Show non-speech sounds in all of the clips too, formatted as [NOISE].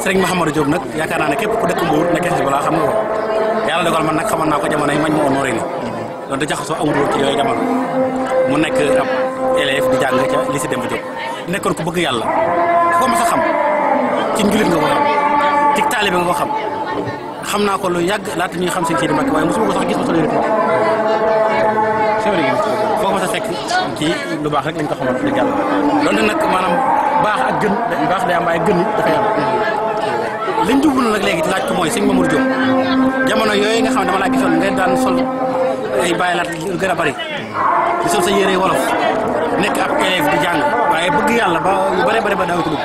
Serigne Mahamadou Diop nag yaakaar naa ne képp ku dëkk Mbour nekkee si balaa xam nga ko yàlla naa ko jamono yi mañ ma honoré ni loolu da jaxasoo amul woon ci yooyu jamono mu nekk ab élève di jàng dem lycée Demba Diop nekkoon ku bëgg yàlla ko ma sa xam ci njulit nga ko xam ci taalibe nga ko xam xam naa ko lu yàgg laata ñuy xam seen Sidi Mbacke waaye mosuma ko sax gis ma solo yëpp foo ci lu baax rek lañ ko xamal dëgg yàlla loolu nag maanaam baax ak gën baax day am waaye gën dafay liñ jublu nag léegi laaj ko mooy sëñ Mamour Diop jamono yooyu nga xam ne dama laa gisoon ngeen daan sol ay bàyyi laat gën a bari di sol sa yére wolof nekk ab élève di jàng waaye bëgg yàlla ba yu bare bare ba daaw ko dugg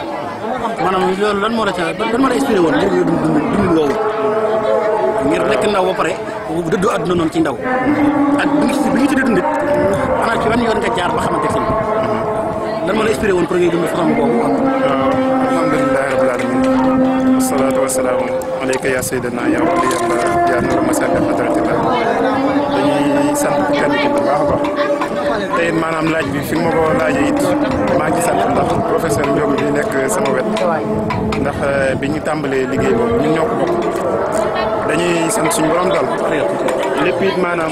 maanaam lan moo la ca lan moo la inspiré woon ngir dund ngir nekk ndaw ba pare dëddu àdduna ci ndaw ak bi nga bi nga jaar ba xamante ne lan moo la inspiré woon pour ngay dund façon boobu wasalaam alayka yaa sayyidina yaa wali yàlla yaa nur masali xadratika dañuy sant kaddu gi bu baax a baax te laaj bi fi it ngi sant ndax professeur bi sama wet ndax bi ñu tàmbalee liggéey boobu ñun ñoo dañuy sant suñu borom it na rek ñu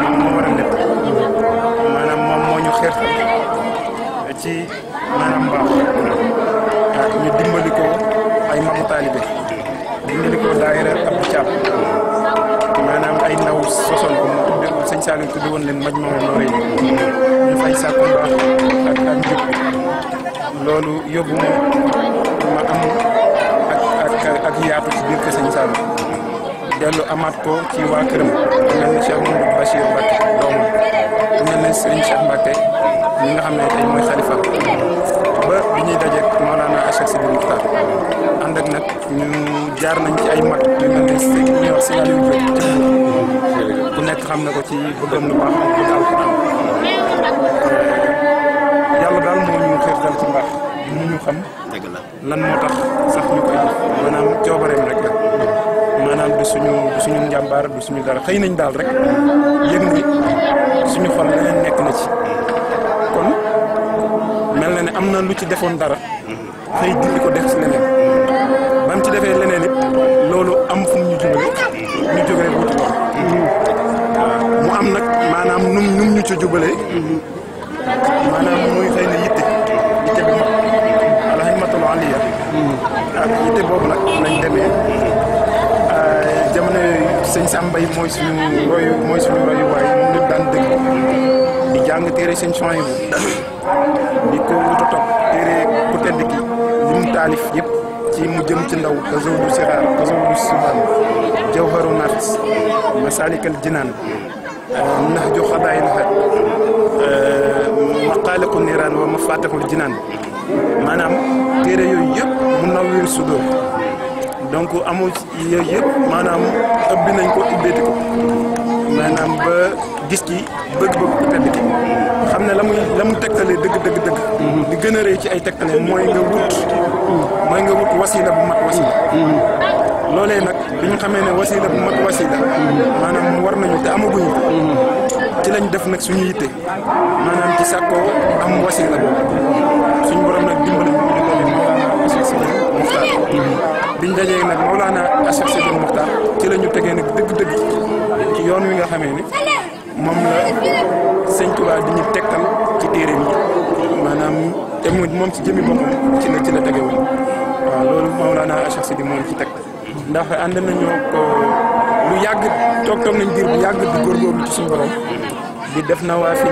am ci Rasul ci maanaam mbaax ñu dimbali ko ay mamu taalibe dimbali ko ab caab maanaam ay ndaw sosoon ko mu tudde sëñ Saliou leen maj mame nooré loolu yóbbu ma ma am ak ak ak yaatu biir kër sëñ Saliou dellu amaat ko ci waa këram mel mel ni Serigne Cheikh Mbacke mi nga xam ne tey mooy xalifa ba bi ñuy dajeeg Maolana Cheikh Sidi Muxtar ànd ak nag ñu jaar nañ ci ay mag ku nekk xam na ko ci bëggam lu baax ak bëgg alquran yàlla daal moo ñu xiirtal ci mbaax ñu ñu xam lan moo tax sax ñu koy maanaam coobareem rek la maanaam du suñu du suñu njàmbaar bi suñu dara xëy nañ daal rek yëg ni suñu xol leneen nekk na ci am na lu ci defoon dara xëy dindi ko def si leneen ba mu ci defee leneen it loolu am fu ñu jubale ñu jóge rek wuti loolu mu am nag maanaam num num ñu ci jubale maanaam muy xëy na yitte yitte bu mag alximmatul aliya ak yitte boobu nag lañ demee jamono yooyu sëñ Samba yi mooy suñu royu mooy suñu royu waaye moom daan dëgg di jàng téere sëñ Sohaybu di ko tedd li mu taalif yëpp ci mu jëm ci ndaw Kazoolu Siraar Kazoolu Simaan Jawharu Nafis Masaalikal Jinaan Nahju Xadaayil Xat Maqaaliqu Niraan wa Mafaatixul Jinaan maanaam téere yooyu yëpp mu nawwir sudur donc amu yooyu yëpp maanaam ëbbi nañ ko ko maanaam ba gis ki bëgg-bëgg ku tedd ki xam ne la muy la mu tegtale dëgg dëgg dëgg di mhm. gën a rëy ci ay tegtale mooy nga wut mhm. mooy nga wut wasila bu mat wasila mhm. loolee nag bi ñu xamee wasila bu mat wasila maanaam war nañu te amaguñu ci lañ def nag suñu yitte maanaam ci sàkkoo am wasila boobu suñu borom nag dimbali ñu di loolu moo Cheikh Sidi Mokhtar biñ dajee nag ci la ñu tegee nag dëgg yoon wi nga xamee ni moom la sëñ Tuubaa di ñu tegtal ci téere yi maanaam te mu moom ci jëmi boppam ci la ci la tegewoon waaw loolu Mawlana Cheikh Sidi moom ci teg ndax ànd nañu ko lu yàgg toog toog nañ diir bu yàgg di góorgóorlu ci suñu borom di def na yi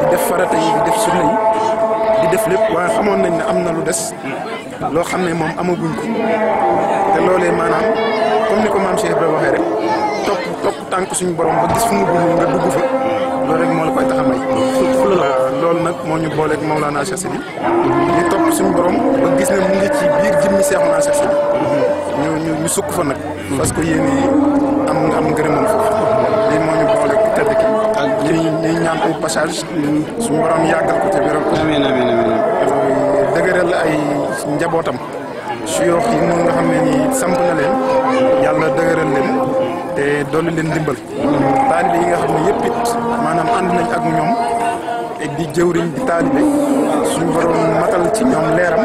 di def farata yi di def sunna yi di def lépp waaye xamoon nañ ne am na lu des loo xam ne moom amaguñ ko te loolee maanaam comme ni ko maam Cheikh Ibrahima waxee rek tànk suñu borom ba gis fu mu bëgg nga dugg fa loolu rek moo la koy tax a may loolu euh, nag moo ñu booleeg Mawlana Cheikh Sidi ñu topp suñu borom ba gis ne mu ngi ci biir jëmmi Seexuna Cheikh Sidi mhm. ñu ñu ñu sukk fa nag parce que yéen yi am am ngërëmam foofu lii moo ñu booleeg tedd ki ñuy ñuy ñaan ay passage suñu borom yàggal ko te wéral ko dëgëral ay njabootam suyoox yi moom nga xam ne nii samp na leen yàlla dëgëral leen te dolli leen dimbal taalibe yi nga xam ne yëpp it maanaam ànd nañ ak ñoom te di jëwriñ di taalibe suñu borom matal ci ñoom leeram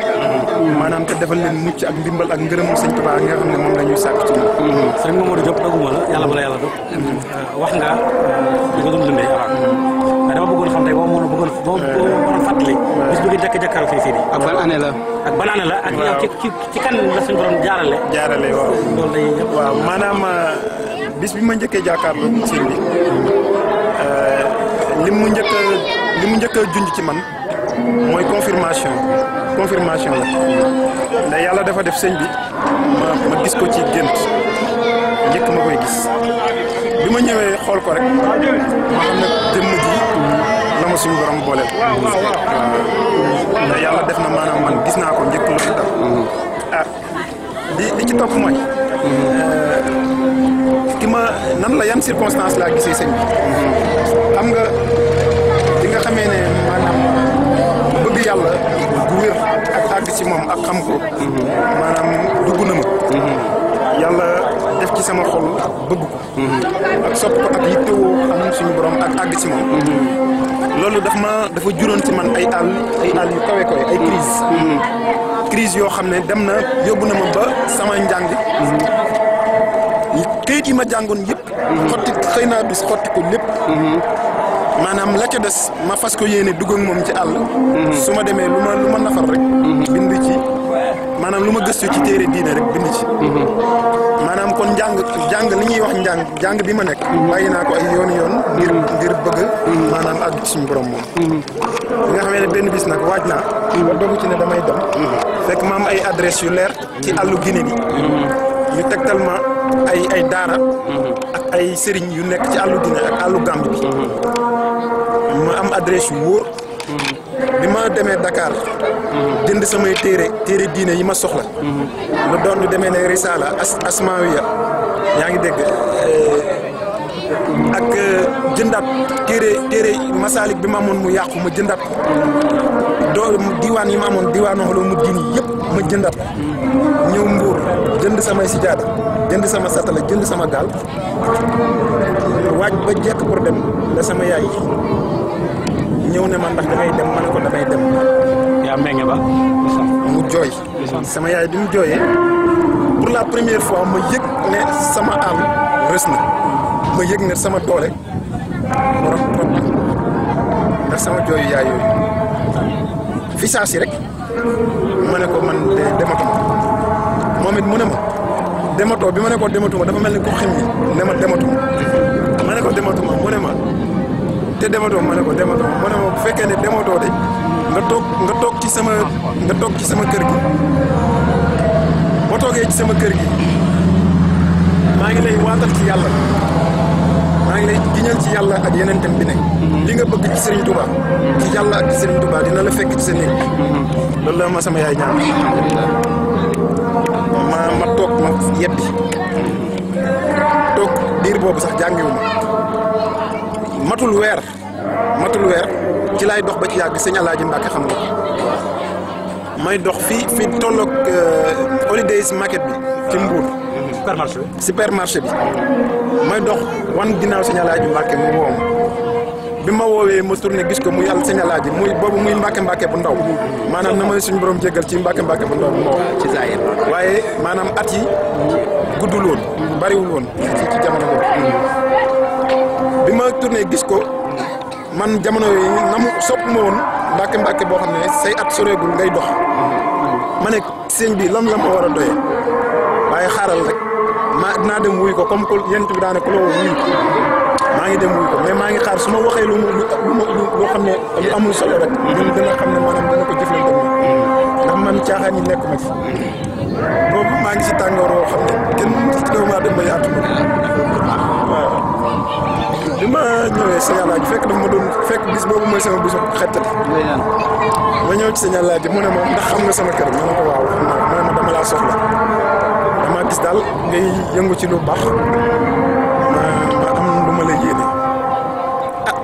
maanaam te defal leen mucc ak ndimbal ak ngërëm sëñ Touba nga xam ne moom la ci ñoom sëñ Mamadou Diop doguma la yàlla bala yàlla dog euh, wax nga euh, nga dama xam bis bu ngi dekk jàkkaaroo fii fii nii ak ban année la ak ban année la ak yow ci ci kan la suñu borom jaarale jaarale waaw lay waaw euh, bis bi ma njëkkee jàkkaarloo sëñ bi li mu njëkk li junj ci man mooy confirmation confirmation la ndax yàlla dafa def sëñ bi ma ma gis ko ci gént njëkk ma koy gis bi ma ñëwee ko rek ma xam ne jëmm ji la ma suñu borom booleel ndax yàlla def na manam man gis naa ko njëkk loolu tax ah di di ci topp mooy eh, ki ma nan la yan circonstance laa gisee sëñ bi xam nga li nga xamee ne man yàlla gu wér ak àgg ci moom ak xam ko maanaam dugg na ma yàlla def ci sama xol bëgg ko ak sopp ko ak yittewoo xam suñu borom ak àgg ci moom loolu daf ma dafa juróon ci man ay àll ay àll yu ay crise crise dem na na ma ba sama njàng këyit yi ma jàngoon yëpp xotti bis xotti ko lépp Manam la ca des ma fas ko yéene dugg ak moom ci àll. Mhm. su ma demee lu ma nafar rek. Mhm. bind ci Manam konjang ma gëstu ci téere diine rek bind ci. Mhm. maanaam kon njàng jàng li ñuy wax njàng jàng bi ma nekk. bàyyi naa ko ay yoon yoon. ngir ngir bëgg. ci borom nga benn bis ba dogu ci damay dem. fekk ma am ay adresse yu leer. ci àllu Guinée bi. ñu ma ay ay dara, ak ay sëriñ yu nekk ci àllu Guinée ak àllu bi ma am adresse yu wóor bi Dakar jënd sama téere téere diine yi ma soxla lu doon lu demee ne risaala as asmaawiya yaa ngi dégg ak jëndaat téere téere masaalik bi ma mu yàqu ma jëndaat ko doo diwaan yi ma amoon diwaan waxla mu gin yëpp ma jëndaat ñëw mbuur jënd samay sijaada jënd sama satala jënd sama gal. waaj ba jekk pour dem la sama yaay ñëw ne ma ndax damay dem man ko damay dem. yaa meññe ba. mu jooy. sama yaay bi mu jooyee pour la première fois ma yëg ne sama àll rës na ma yëg ne sama doole ndax sama jooyu yaay yooyu rek ma ne ko man de dematuma moom it mu ne ma dematoo bi ma ne ko dematuma dafa mel ni ku xim ne ma dematuma ma ne ko dematuma mu ne ma. te dematoo ma ne ko dematoo ma ne ma bu fekkee ne dematoo de nga toog nga toog ci sama nga toog ci sama kër gi boo toogee ci sama kër gi maa ngi lay waatal ci yàlla maa ngi lay giñal ci yàlla ak yeneen bi ne li nga bëgg ci Serigne Touba ci yàlla ak Serigne Touba dina la fekk ci sa néeg loolu la ma sama yaay ñaan ma ma toog ma yebbi toog diir boobu sax jàngiwu matul weer matul weer ci laay dox ba ci yàgg sëñ Alaaji Mbàkke xam nga may dox euh, holidays market bi ci Mbuur mhm. supermarché bi supermarché bi may dox wan ginnaaw sëñ Alaaji Mbàkke mu woo bi ma woowee ma tourné gis ko muy al sëñ Alaaji muy boobu muy Mbàkke Mbàkke bu ndaw maanaam na may suñu borom jéggal ci Mbàkke Mbàkke bu ndaw ci ci jamono ma tourné gis ko man jamono yi na mu sopp ma woon mbàkke boo xam ne say at soreegul ngay dox ma ne sëñ bi lan la ma war a doyee waaye xaaral rek ma dinaa dem wuy ko comme que yent bi ko maa ngi dem wuy ko mais maa ngi xaar su ma waxee lu mu loo xam ne lu amul solo rek ñun dina xam ne ko jëfandikoo ndax man caaxaan yi nekk ma fi maa ngi si tàngoor woo xam ne kenn doomu aadama yaatu ma waaw bi ma ñëwee Sénégal laaj fekk dafa ma doon fekk bis boobu mooy sama bisu xettali ma ñëw ci Sénégal laaj mu ne ma ndax xam nga sama kër ma ne ko waaw mu ne ma dama laa soxla dama gis daal ngay yëngu ci lu baax ma am lu ma la yéene ah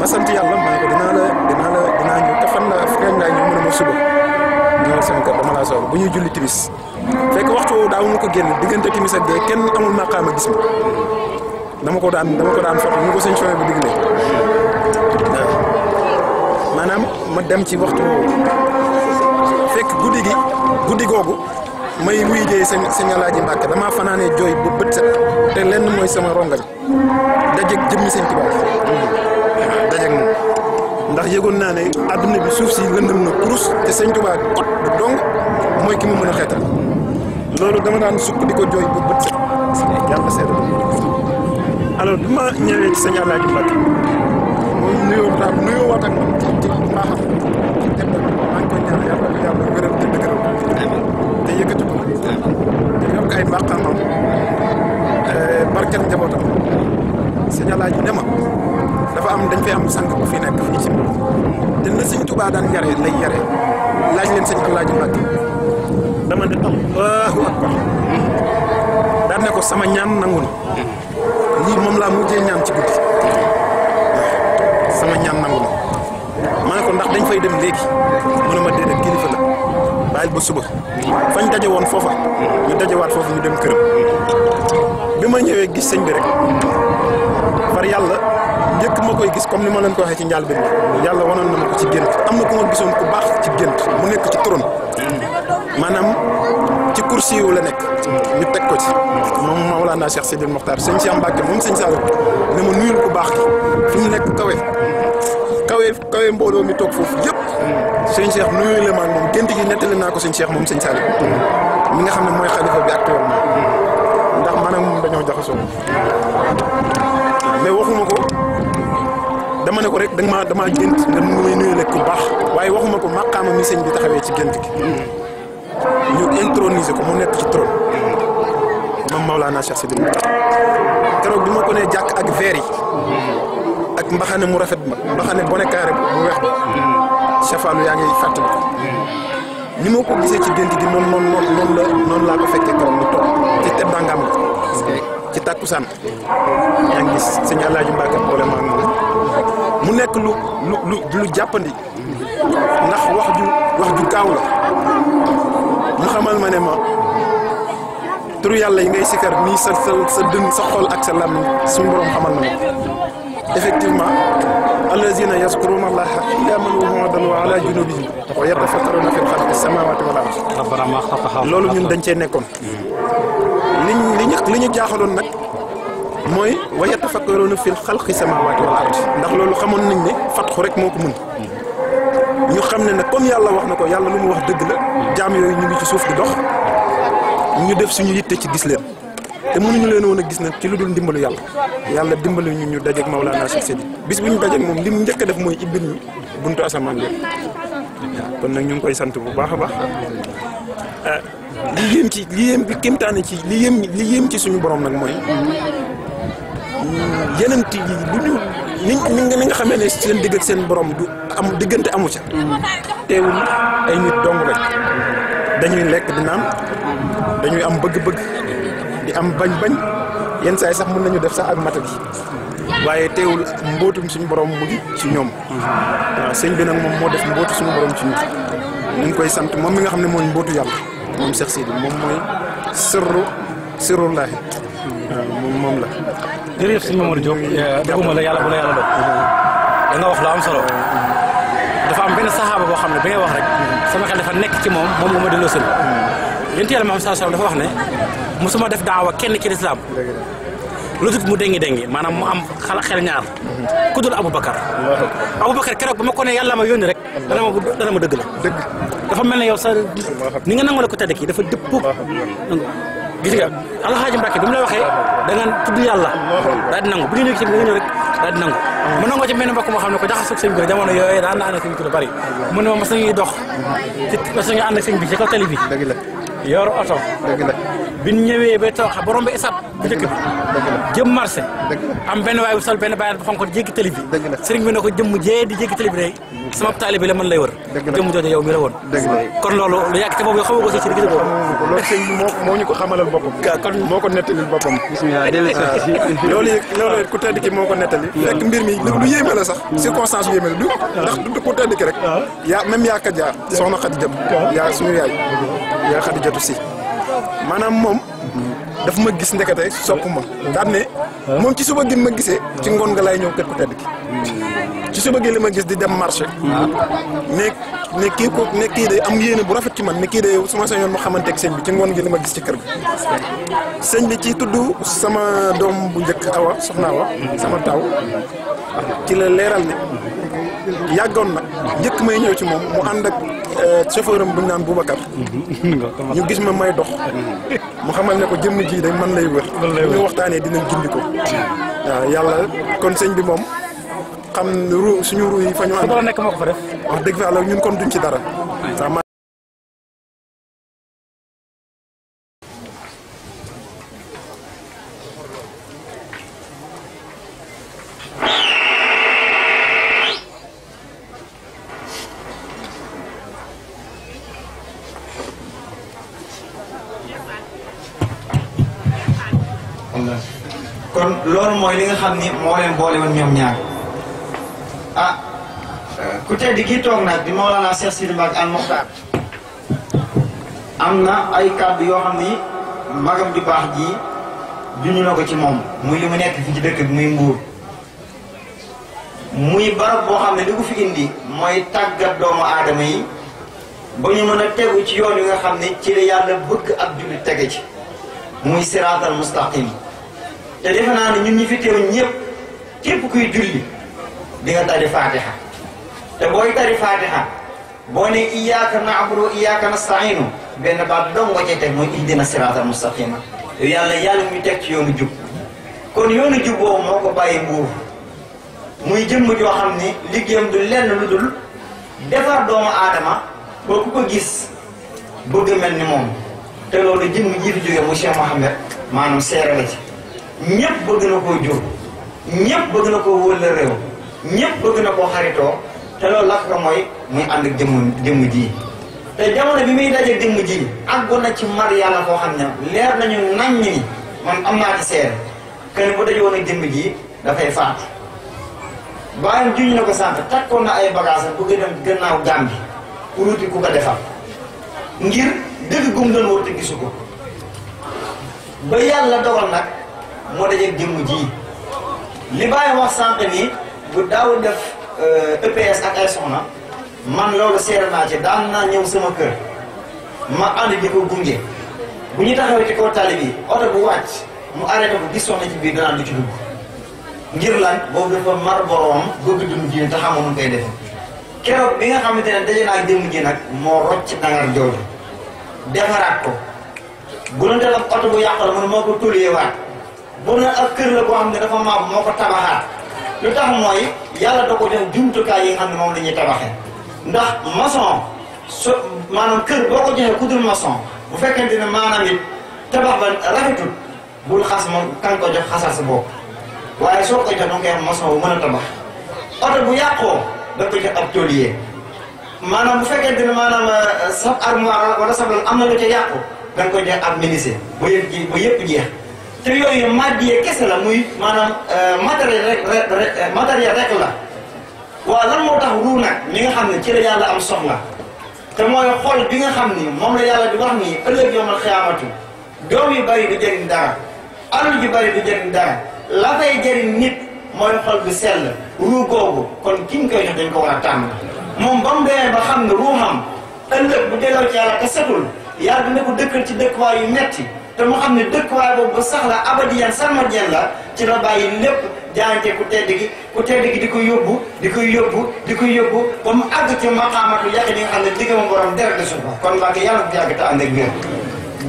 ma sant yàlla ma ne ko dinaa la dinaa la dinaa ñëw te fan la fekk ngaa ñëw mu ne ma suba ñëwal sama kër dama laa soxla bu julli fekk waxtu ñu ko génn diggante timis ak kenn amul maqaama gis ma dama ko daan dama ko daan foto ñu ko sëñ Sow bi digle waaw maanaam ma dem ci waxtu fekk guddi gi guddi googu may wuy jëy sëñ sëñ Alaaji Mbàkke damaa fanaane jooy bu bët set te lenn mooy sama rongañ dajeeg jëmmi sëñ Tuubaa waaw dajeeg moom ndax yëgoon naa ne àdduna bi suuf si lëndëm na kurus te sëñ Tuubaa bu dong mooy ki mu mën a xeetal loolu dama daan sukk di ko jooy bët set yàlla seetlu alors bi ma ñëwee ci sëñ Alaaji Mbacke mu nuyoo daal te dëgëral te yëkkati ko te yokk ay maqaamam eh, barkeel njabootam ne ma dafa am dañ fay am sang bu fi nekk fii ci te na sëñ Tuubaa lay yare laaj leen sëñ Alaaji Mbacke dama ne Allahu akbar daan ne ko sama ñaan nangu na lii moom laa mujjee ñaan ci guddi sama ñaan nangu na ma ne ko ndax dañ fay dem léegi mu ne ma déedéet kilifa la bàyyil ba suba fañ daje woon foofa ñu dajewaat foofu ñu dem këram bi ma gis sëñ bi rek par yàlla njëkk ma koy gis comme ni ma leen ko waxee ci njaal bi yàlla wanoon na ko ci gént am na ku gisoon ku baax ci gént mu nekk ci turon maanaam ci kursi wu la nekk ñu teg ko ci moom Mawlana Cheikh Sidil Mokhtar sëñ Cheikh Mbacke moom sëñ Saliou ne ma nuyul ku baax fi mu nekk kawe kawe kawe mbooloo mi toog foofu yëpp sëñ Cheikh moom gént gi nettali naa ko sëñ Cheikh moom sëñ Saliou mi nga xam ne mooy xalifa bi actuellement ndax maanaam moom dañoo jaxasoo mais waxuma ko dama ne ko rek danga ma dama gént nga may nuyul ku baax waaye waxuma ko maqaama mi sëñ bi taxawee ci gént gi ñu introniser ko mu nekk ci trône moom Maulana Cheikh Sidi Moukhtar keroog bi ma ko nee jàkk ak verre yi ak mbaxane mu rafet ba mbaxane bonnet carré bu weex ba Chefalu yaa ngi fàttali ko ni ma ko gisee ci gént gi noonu noonu noonu la noonu laa ko fekkee keroog mu toog ci teddangaam la ci takusan yaa ngi gis sëñ alaaji mbàkke boole ngi mu nekk lu lu lu jàppandi ndax wax ju wax ju gaaw la mu xamal ma ne ma turu yàlla yi ngay sikar nii sa sa sa dën sa xol ak sa làmmiñ suñu borom xamal na ma effectivement allazina yaskuruna allaha qiyaman wa qu'udan wa ala junubihim wa yatafakkaruna fi xalqi samawati wal ard loolu ñun dañ cee nekkoon liñ li ñu li ñu jaaxaloon nag mooy wa yatafakkaruna fi xalqi samawati wal ard ndax loolu xamoon nañ ne fatxu rek moo ko mën ñu xam ne nag comme yàlla wax na ko yàlla lu mu wax dëgg la jaam yooyu ñu ngi ci suuf di dox ñu def suñu yitte ci gis leen te mu mënuñu leen woon a gis nag ci lu dul ndimbalu yàlla yàlla dimbalu ñu ñu dajeeg Maolana Cheikh Seydi bis bu ñu dajeeg moom lim njëkk a def mooy ibbil ñu buntu asamaan yëpp kon nag ñu ngi koy sant bu baax a baax li yéem ci li yéem ci li li yéem ci suñu borom nag mooy yeneen yi bu ñu ni nga xamee ne seen digg ak seen borom du am diggante amu ca teewul ay nit dong lañ dañuy lekk di naan dañuy am bëgg-bëgg di am bañ-bañ yenn saay sax mën nañu def sax ak mata gi waaye teewul mbootum suñu borom mu ngi ci ñoom waaw sëñ bi nag moom moo def mbootu suñu borom ci ñun ñu ngi koy sant moom mi nga xam ne mooy mbootu yàlla moom Cheikh Sidi moom mooy sirru sirrullahi waaw moom la jërëjëf sëñ Mamadou Diop defuma eh, la yàlla bu la yàlla dog nga wax lu am solo dafa am benn saxaaba boo xam ne ba ngay wax rek sama xel dafa nekk ci moom moom nga ma delloo sël yénti yàlla Muhammad sallallahu alayhi wasallam dafa wax ne mosuma def daawa kenn ci lislaam lu dul mu dengi dengi maanaam mu am xala xel ñaar ku dul Aboubacar Aboubacar keroog ba ma ko ne yàlla ma yónni rek dana ma dana ma dëgg la dafa mel ne yow sa ni nga nangoo la ko tedd kii dafa dëppoo gis nga alxaaji Mbàkke bi mu la waxee da nga tudd yàlla daal di nangu bu ñu ñëwee ci nga ñëw rek daal di nangu mu nangoo ci mel ne mbokk moo xam ne ko jaxasoog sëñ bi jamono daan na ànd ak sëñ bi lu bari mu ne ma mas nañuy dox ci mas nañuy ànd ak sëñ yor oto. dëgg ñëwee ba toog borom bi esat bu njëkk bi. jëm marché. am benn waay bu sol benn bayaat bu xonk di jéggi tali bi. dëgg la bi ne ko jëmm di jéggi tali bi day. sama la mën lay wër. dëgg la jëmm jooju yow mi la woon. dëgg la kon loolu lu yàgg te boobu xamoo ko si moo ko xamalal ah, loolu yëpp ku tedd moo ko nettali. fekk mbir ku tedd rek. yaa yaa kat yaa soxna Xadi Jëm yaa suñu yaay yaa Xadi Jëm Fatou Sy maanaam moom daf ma gis ndekete sopp ma daan ne moom ci suba gi ma gisee ci ngoon nga lay ñëw kër ku tedd gi ci suba gi li ma gis di dem marché ne ne kii ko ne kii day am yéene bu rafet ci man ne kii day su ma sañoon ma xamante ak sëñ bi ci ngoon gi li ma gis ci kër gi sëñ bi ci tudd sama dom bu njëkk awa soxna awa sama taw ci la leeral ne yàggoon na njëkk may ñëw ci moom mu ànd ak euh, chauffeur bu ñu naan Boubacar. [LAUGHS] ñu gis ma may dox. mu xamal ne ko jëmm jii day man lay wër. ñu waxtaanee dinañ gindi ko. waaw yàlla kon sëñ bi moom xam ru suñu ru yi fa ñu. ànd fa nekk moo ko fa def. wax dëgg fa yàlla ñun kon duñ ci dara. li nga xam ni moo leen boole woon ñoom ñaar ah ku tedd kii toog nag di Mawlana naa Sidi Mbacke al Mokhtar am na ay kàddu yoo xam ni magam ju baax ji junj na ko ci moom muy li ma nekk fi ci dëkk bi muy mbuur muy barab boo xam ne li ko fi indi mooy tàggat doomu aadama yi ba ñu mën a tegu ci yoon yi nga xam ne ci la yàlla bëgg ak jullit tege ci muy siraatal mustaqim te defe naa ne ñun ñi fi teew ñëpp képp kuy julli di tari fatiha te booy tari fatiha boo ne iyyaka na'budu wa iyyaka nasta'inu benn baat dong nga cay teg mooy ihdina siraatal mustaqima yàlla yàlla muy teg ci yoonu jub kon yoonu jub moo ko bàyyi nguur muy jëmm joo xam ni liggéeyam du lenn lu dul defar doomu aadama ba ku ko gis bëgg mel ni moom te loolu jëmm ji fi jógee mu Cheikh Mouhamed maanaam seere la ci ñëpp bëgg na koo jur ñëpp bëgg na koo wóor la réew ñëpp bëgg na koo xaritoo te loolu lakk ko mooy muy ànd jëmm jëmm ji te jamono bi muy daje jëmm ji àggu na ci mar yàlla koo xam ne leer nañu nañ ni man am naa seer kenn bu daje woon ak jëmm ji dafay faat bàyyam juñ na ko sant takkoon na ay bagages bu gën a gannaaw Gàmbi pour wuti ku ko defal ngir dëgg gum doon wër te gisu ko ba yàlla dogal nag moo dajeeg jëmm ji li bàyyi wax sànq nii bu daawul def EPS euh, e ak ay soxna man loolu seere naa ci daan naa ñëw sama kër ma ànd di ko gunge bu ñu taxawee ci kaw tali bi oto bu wàcc mu arrêté ko gis soxna ci bii danaa lu ci dugg ngir lan boobu dafa mar boroom bëgg dund ji te xamoo nu koy defe keroog bi nga xamante ne daje naa jëmm ji nag moo rocc dangar jooju defaraat ko bu doon def ak oto bu yàqu la man moo ko tulliwaat bu ne ak kër la boo xam ne dafa maam moo ko tabaxaat lu tax mooy yàlla da ko jox jumtukaay yi nga xam ne moom la ñuy tabaxee ndax maçon maanaam kër boo ko joxee ku dul bu fekkente ne maanaam it tabax ba rafetul xas moom kan ko jox xasal sa bopp waaye soo ko jox bu mën a tabax oto bu yàqoo da ko jox ab maanaam bu fekkente ne maanaam euh, sa armoire wala sa am na lu yàqu da nga koy jox ab bu yëpp jeex. te yooyu màddiyee kese la muy maanaam euh, matériel rek euh, matériel rek la waaw lan moo tax ruu nag mi nga xam ne ci la yàlla am soxla te mooy xol bi nga xam ni moom la yàlla di wax ni ëllëg yawmal xiyaamatu doom yu bari du jëriñ dara alal yu bari du jëriñ dara la fay jëriñ nit mooy xol bi sell ruu googu kon ki ñu koy jox dañ ko war a tànn moom ba mu demee ba xam ne ruuxam ëllëg bu delloo ci yàlla te setul yàlla dina ko dëkkal ci dëkkuwaay yu metti te mu xam ne dëkkuwaay boobu ba sax la abadiyan sarmadiyan la ci la bàyyi lépp jaante ku tedd gi ku tedd gi di ko yóbbu di ko yóbbu di koy yóbbu ba mu àgg ci maqaamatu yàq di nga na ne diggam borom deret su ko kon mbaa ko yàlla bu yàgg te ànd ak wér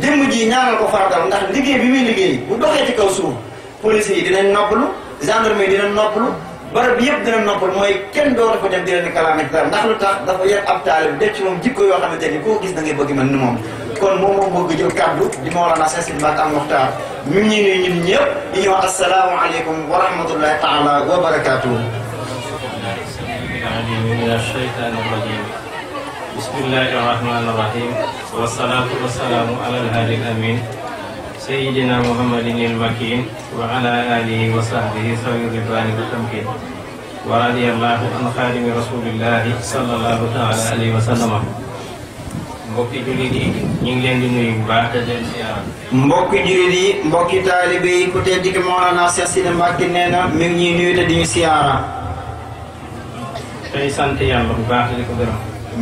démb ji ñaanal ko fardal ndax liggéey bi muy liggéey bu doxee ci kaw suuf police yi dinañ noppalu gendarmerie dinañ noppalu barab yëpp dina noppal mooy kenn doon ko dem di leen kalaam ak dara ndax lu tax dafa yar ab taalib def ci moom jikko yoo xamante ni koo gis da ngay bëgg mel ni moom kon moom moo bëgg jël kàddu di Mawlana Seex Sidi Mbacke Al Muxtaar ñu ngi ñuy ñun ñëpp di ñu wax asalaamaaleykum wa rahmatullahi taala wa barakaatuhu من الشيطان الرجيم بسم الله الرحمن الرحيم والصلاة والسلام على الهادي الأمين سيدنا محمد المكين وعلى آله وصحبه سوي الرضوان والتمكين ورضي الله عن خادم رسول الله صلى الله تعالى عليه وسلم mbokki jullit yi ñu ngi leen di nuyu bu baax te leen siyaara mbokki jullit yi mbokki taalibe yi ku tedd ki Mawlana Cheikh Sidi Mbacke nee na mi ngi nuyu te di ñu siyaara tey sant yàlla bu baax di ko gërëm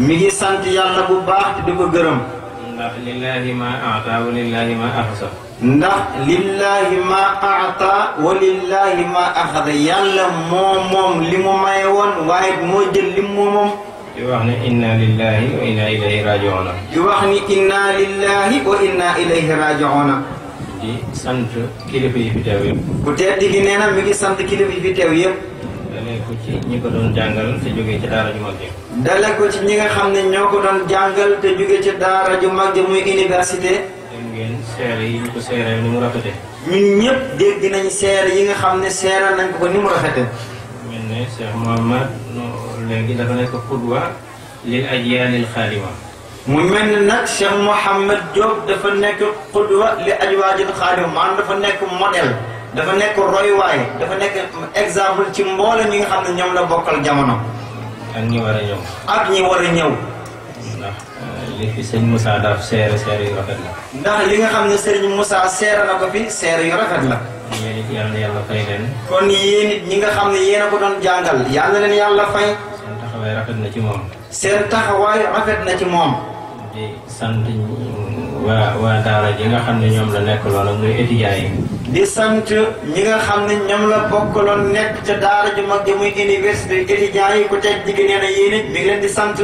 mi ngi sant yàlla bu baax di ko gërëm ndax lillaahi ma ata wa lillaahi ma axasa ndax lillaahi ma ata wa lillaahi ma axasa yàlla moo moom li mu maye woon waaye moo jël li mu moom di wax ne inna lillahi wa inna ilayhi raji'un. di wax ni inna lillahi wa inna ilayhi raji'un. di sant kilifa yi fi teew yëpp. ku tedd gi nee na mi ngi sant kilifa yi fi teew yëpp. dalee ko ci ñi ko doon jàngal te jógee ci daara ju mag ji. dalee ko ci ñi nga xam ne ñoo ko doon jàngal te jógee ci daara ju mag ji muy université. yi ñu ko seeree ni ñun ñëpp dégg nañ seere yi nga xam ne seere nañ ko ko ni mu rafete mel ne Cheikh Mouhamad léegi dafa nekk xudwa lil ajyaalil xaalima. mu mel ne nag Cheikh Mouhamad Diop dafa nekk xudwa li ajwaajil xaalima maanaam dafa nekk modèle. dafa nekk royuwaay dafa nekk exemple ci mboolem ñi nga xam ne ñoom la bokkal jamono. ak ñi war a ñëw. ak ñi war a ñëw. ndax euh, li fi sëñ Moussa daaf seere seere yu rafet la. ndax li nga xam ne sëriñ Moussa seere na ko fi seere yu rafet la. yéen it kon yéen it ñi nga xam ne yéen a ko doon jàngal yal leen yàlla fay. seen taxawaay rafet na ci moom. seen taxawaay rafet na ci moom. di sant waa waa daara ji nga xam ne ñoom la nekk loolu muy étudiants yi di sant ñi nga xam ne ñoom la bokkaloon nekk ca daara ju mag ji muy université étudiants yi ku teg jigéen nee na yéen mi ngi leen di sant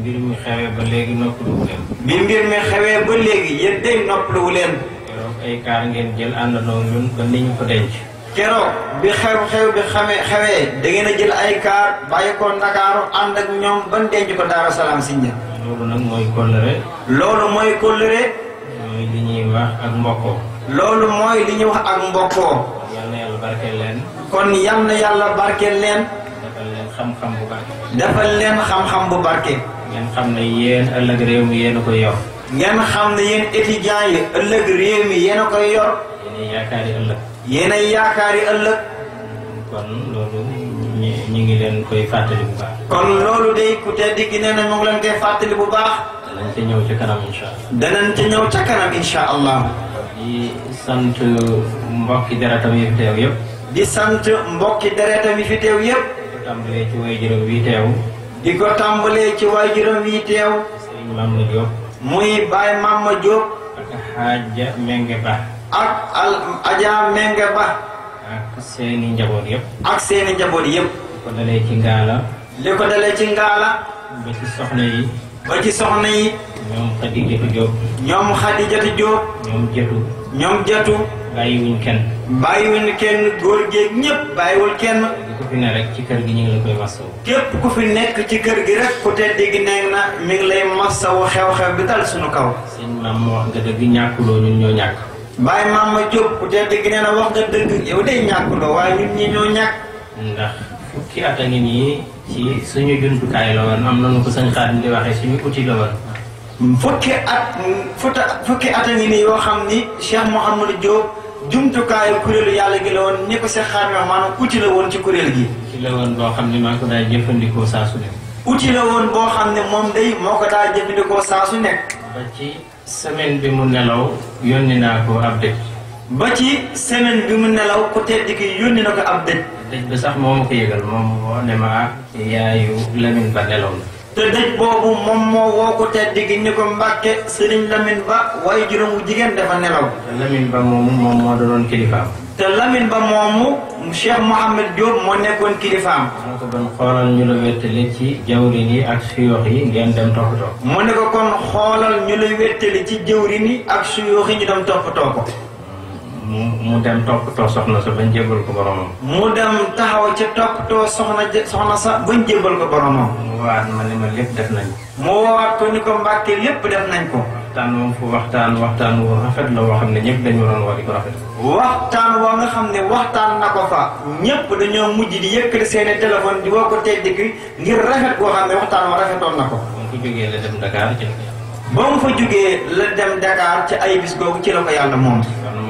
mbir mi xewee ba léegi noppaluwu leen bi mbir mi xewee ba léegi yéen day noppaluwu leen keroog ay kaar ngeen jël àndandoo ñun ba ni ñu ko denc keroog bi xew-xew bi xamee xewee da a jël ay kaar bàyyi ko Ndakaaru ànd ak ñoom ban denc ko Daara Salaam si loolu nag mooy kóllëre. loolu mooy li ñuy wax ak mbokkoo. loolu mooy li ñuy wax ak mbokkoo. yal na yàlla barkeel leen. kon yal na yàlla barkeel leen. defal leen xam-xam bu barke. defal leen xam-xam bu barke. ngeen xam ne yéen ëllëg réew mi yéen a koy yor. ngeen xam ne yéen étudiants ëllëg réew mi yéen a koy yor. yéenay yaakaari ëllëg. yéenay yaakaari ëllëg. kon loolu. ñi ñu ngi leen koy fàttali bu baax. kon loolu day ku tedd gi nee na mu leen koy fàttali bu baax. danañ ca ñëw ca kanam incha allah. di sant mbokki deretam yi fi teew yëpp. di sant mbokki deretam yi fi teew yëpp. di ko tàmbalee ci waajuram wi teew. di ko tàmbalee ci waajuram wi teew. muy Baye Mama Diop. ak Menge Ba. ak Menge Ba. ak seeni njaboot yëpp. ak seeni njaboot yëpp. li ko dalee ci ngaala. li ko dalee ci ngaala. ba ci soxna yi. ba ci soxna yi. ñoom Xadijatu Jóob. ñoom Xadijatu Jóob. ñoom jatu. ñoom jatu. bàyyiwuñ kenn. bàyyiwuñ kenn góor géeg ñëpp bàyyiwul kenn. ku fi ne rek ci kër gi ñu ngi la koy masawu. képp ku fi nekk ci kër gi rek ku tedd gi nekk na mi ngi lay masawu xew-xew bi dal suñu kaw. seen maam moo nga dëgg ñàkkuloo ñun ñoo ñàkk. Baye maam ma Diop ku tedd gi nee na wax nga dëgg yow day ñàkkuloo waaye ñun ñi ñoo ñàkk. ndax fukki at a ngi nii ci suñu jumtukaay la woon am nañu ko sëñ Xaadim di waxee suñu outil la woon. fukki at futa fukki at nii yoo xam ni Cheikh Mouhamadou Diop jumtukaayu kuréelu yàlla gi la woon ñi ko Cheikh Xaadim wax maanaam outil la woon ci kurél gi. outil la woon boo xam ne maa ko daal jëfandikoo saa su nekk. outil la woon boo xam ne moom day moo ko daal jëfandikoo saa su nekk. ba ci. semaine bi mu nelaw yónni naa ko ab dëj ba ci semaine bi mu nelaw ku tedd ki yónni na ko ab dëj dëj bi sax moom ma ko yëgal moom moo ne ma yaayu Lamine ba nelaw na te dëj boobu moom moo woo ko tedd gi ni ko mbàkke sëriñ Lamine Ba waaye juróom wu jigéen dafa nelaw. te Lamine Ba moomu moom moo doon kilifaam. te Lamine Ba moomu Cheikh Mouhamed Diop moo nekkoon kilifaam. mu ne ko kon xoolal ñu la wéttali ci jawrin yi ak suyoox yi ngeen dem toppatoo. mu ne ko kon xoolal ñu la wéttali ci jawrin yi ak suyoox yi ñu dem toppatoo ko. mudam top toppatoo soxna sa bañ jébbal ko cetak mu dem taxaw ca toppatoo soxna soxna sa bañ jébbal ko boromam. mu waat ma ni ma lépp def nañ ko. mu waat ko ni ko mbàkke lépp def nañ ko. fu rafet la ne dañu waroon war di ko rafet. waxtaan woo nga xam ne waxtaan fa ñëpp dañoo mujj di yëkkati seen téléphone di woo ko tey ngir rafet boo xam ne waxtaan wa rafetoon na ko. la dem Dakar ci. ba fa jógee la dem Dakar ci ay bis ci la ko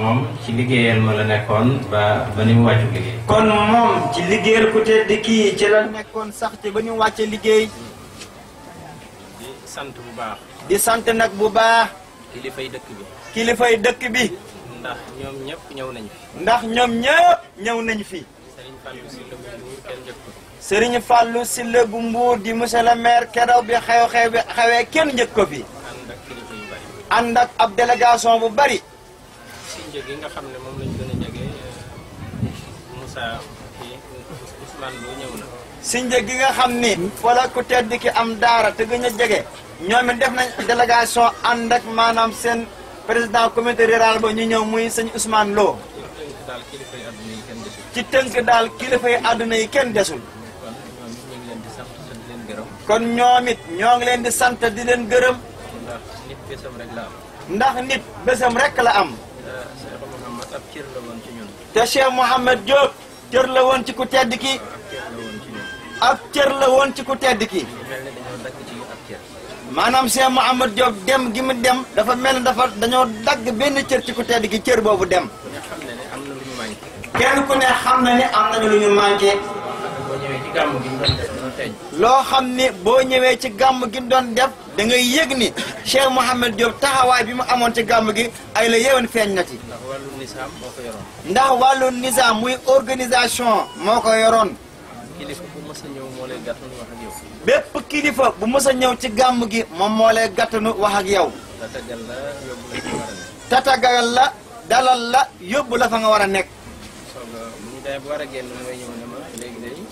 moom ci liggéeyal ma la nekkoon ba ba ni mu wàccu liggéey. kon moom ci liggéeyal ku tedd kii ci la nekkoon sax ci ba ñu wàcce liggéey. di sant bu baax. sant nag bu baax. kilifay dëkk bi. kilifay dëkk bi. ndax ñoom ñëpp ñëw nañ fi. ndax ñoom ñëpp ñëw nañ fi. Serigne Fallou Sylla bu Mbour kenn njëkk di monsieur le maire keroog bi xew xew bi xewee kenn njëkk ko fi. ànd ak ab délégation bu bari. jóge nga xam ne moom lañ gën Ousmane Lo ñëw na sinje gi nga xam wala ku tedd ki am daara te gën a jege def nañ délégation ànd ak maanaam seen président comité rural ba ñu ñëw muy sëñ Ousmane Lo ci kilifa yi yi desul kon ñoom ñoo ngi leen di sant di leen gërëm ndax nit rek la am ab la woon ci ñun. te Cheikh Mouhamed Diop cër la woon ci ku tedd ki. ab cër la woon ci ku tedd ki. maanaam Cheikh Mouhamed Diop dem gi mu dem dafa mel ne dafa dañoo dagg benn cër ci ku tedd ki cër boobu dem. kenn ku ne xam na ni am na lu ñu manqué. loo xam ne boo ñëwee ci gàmm gi mu doon def. da ngay yëg ni Cheikh Mouhamed Diop taxawaay bi mu amoon ci gàmm gi ay la yewen feeñ na ci. ndax wàllu nizaam moo ko yoroon. ndax wàllu nizaam muy organisation moo ko yoroon. ñëw moo lay gàttanu bépp kilifa bu mës a ñëw ci gàmm gi moom moo lay gàttanu wax ak yow. tatagal la yóbbu la fa nga dalal la yóbbu la fa nga war a nekk. soog a ma léegi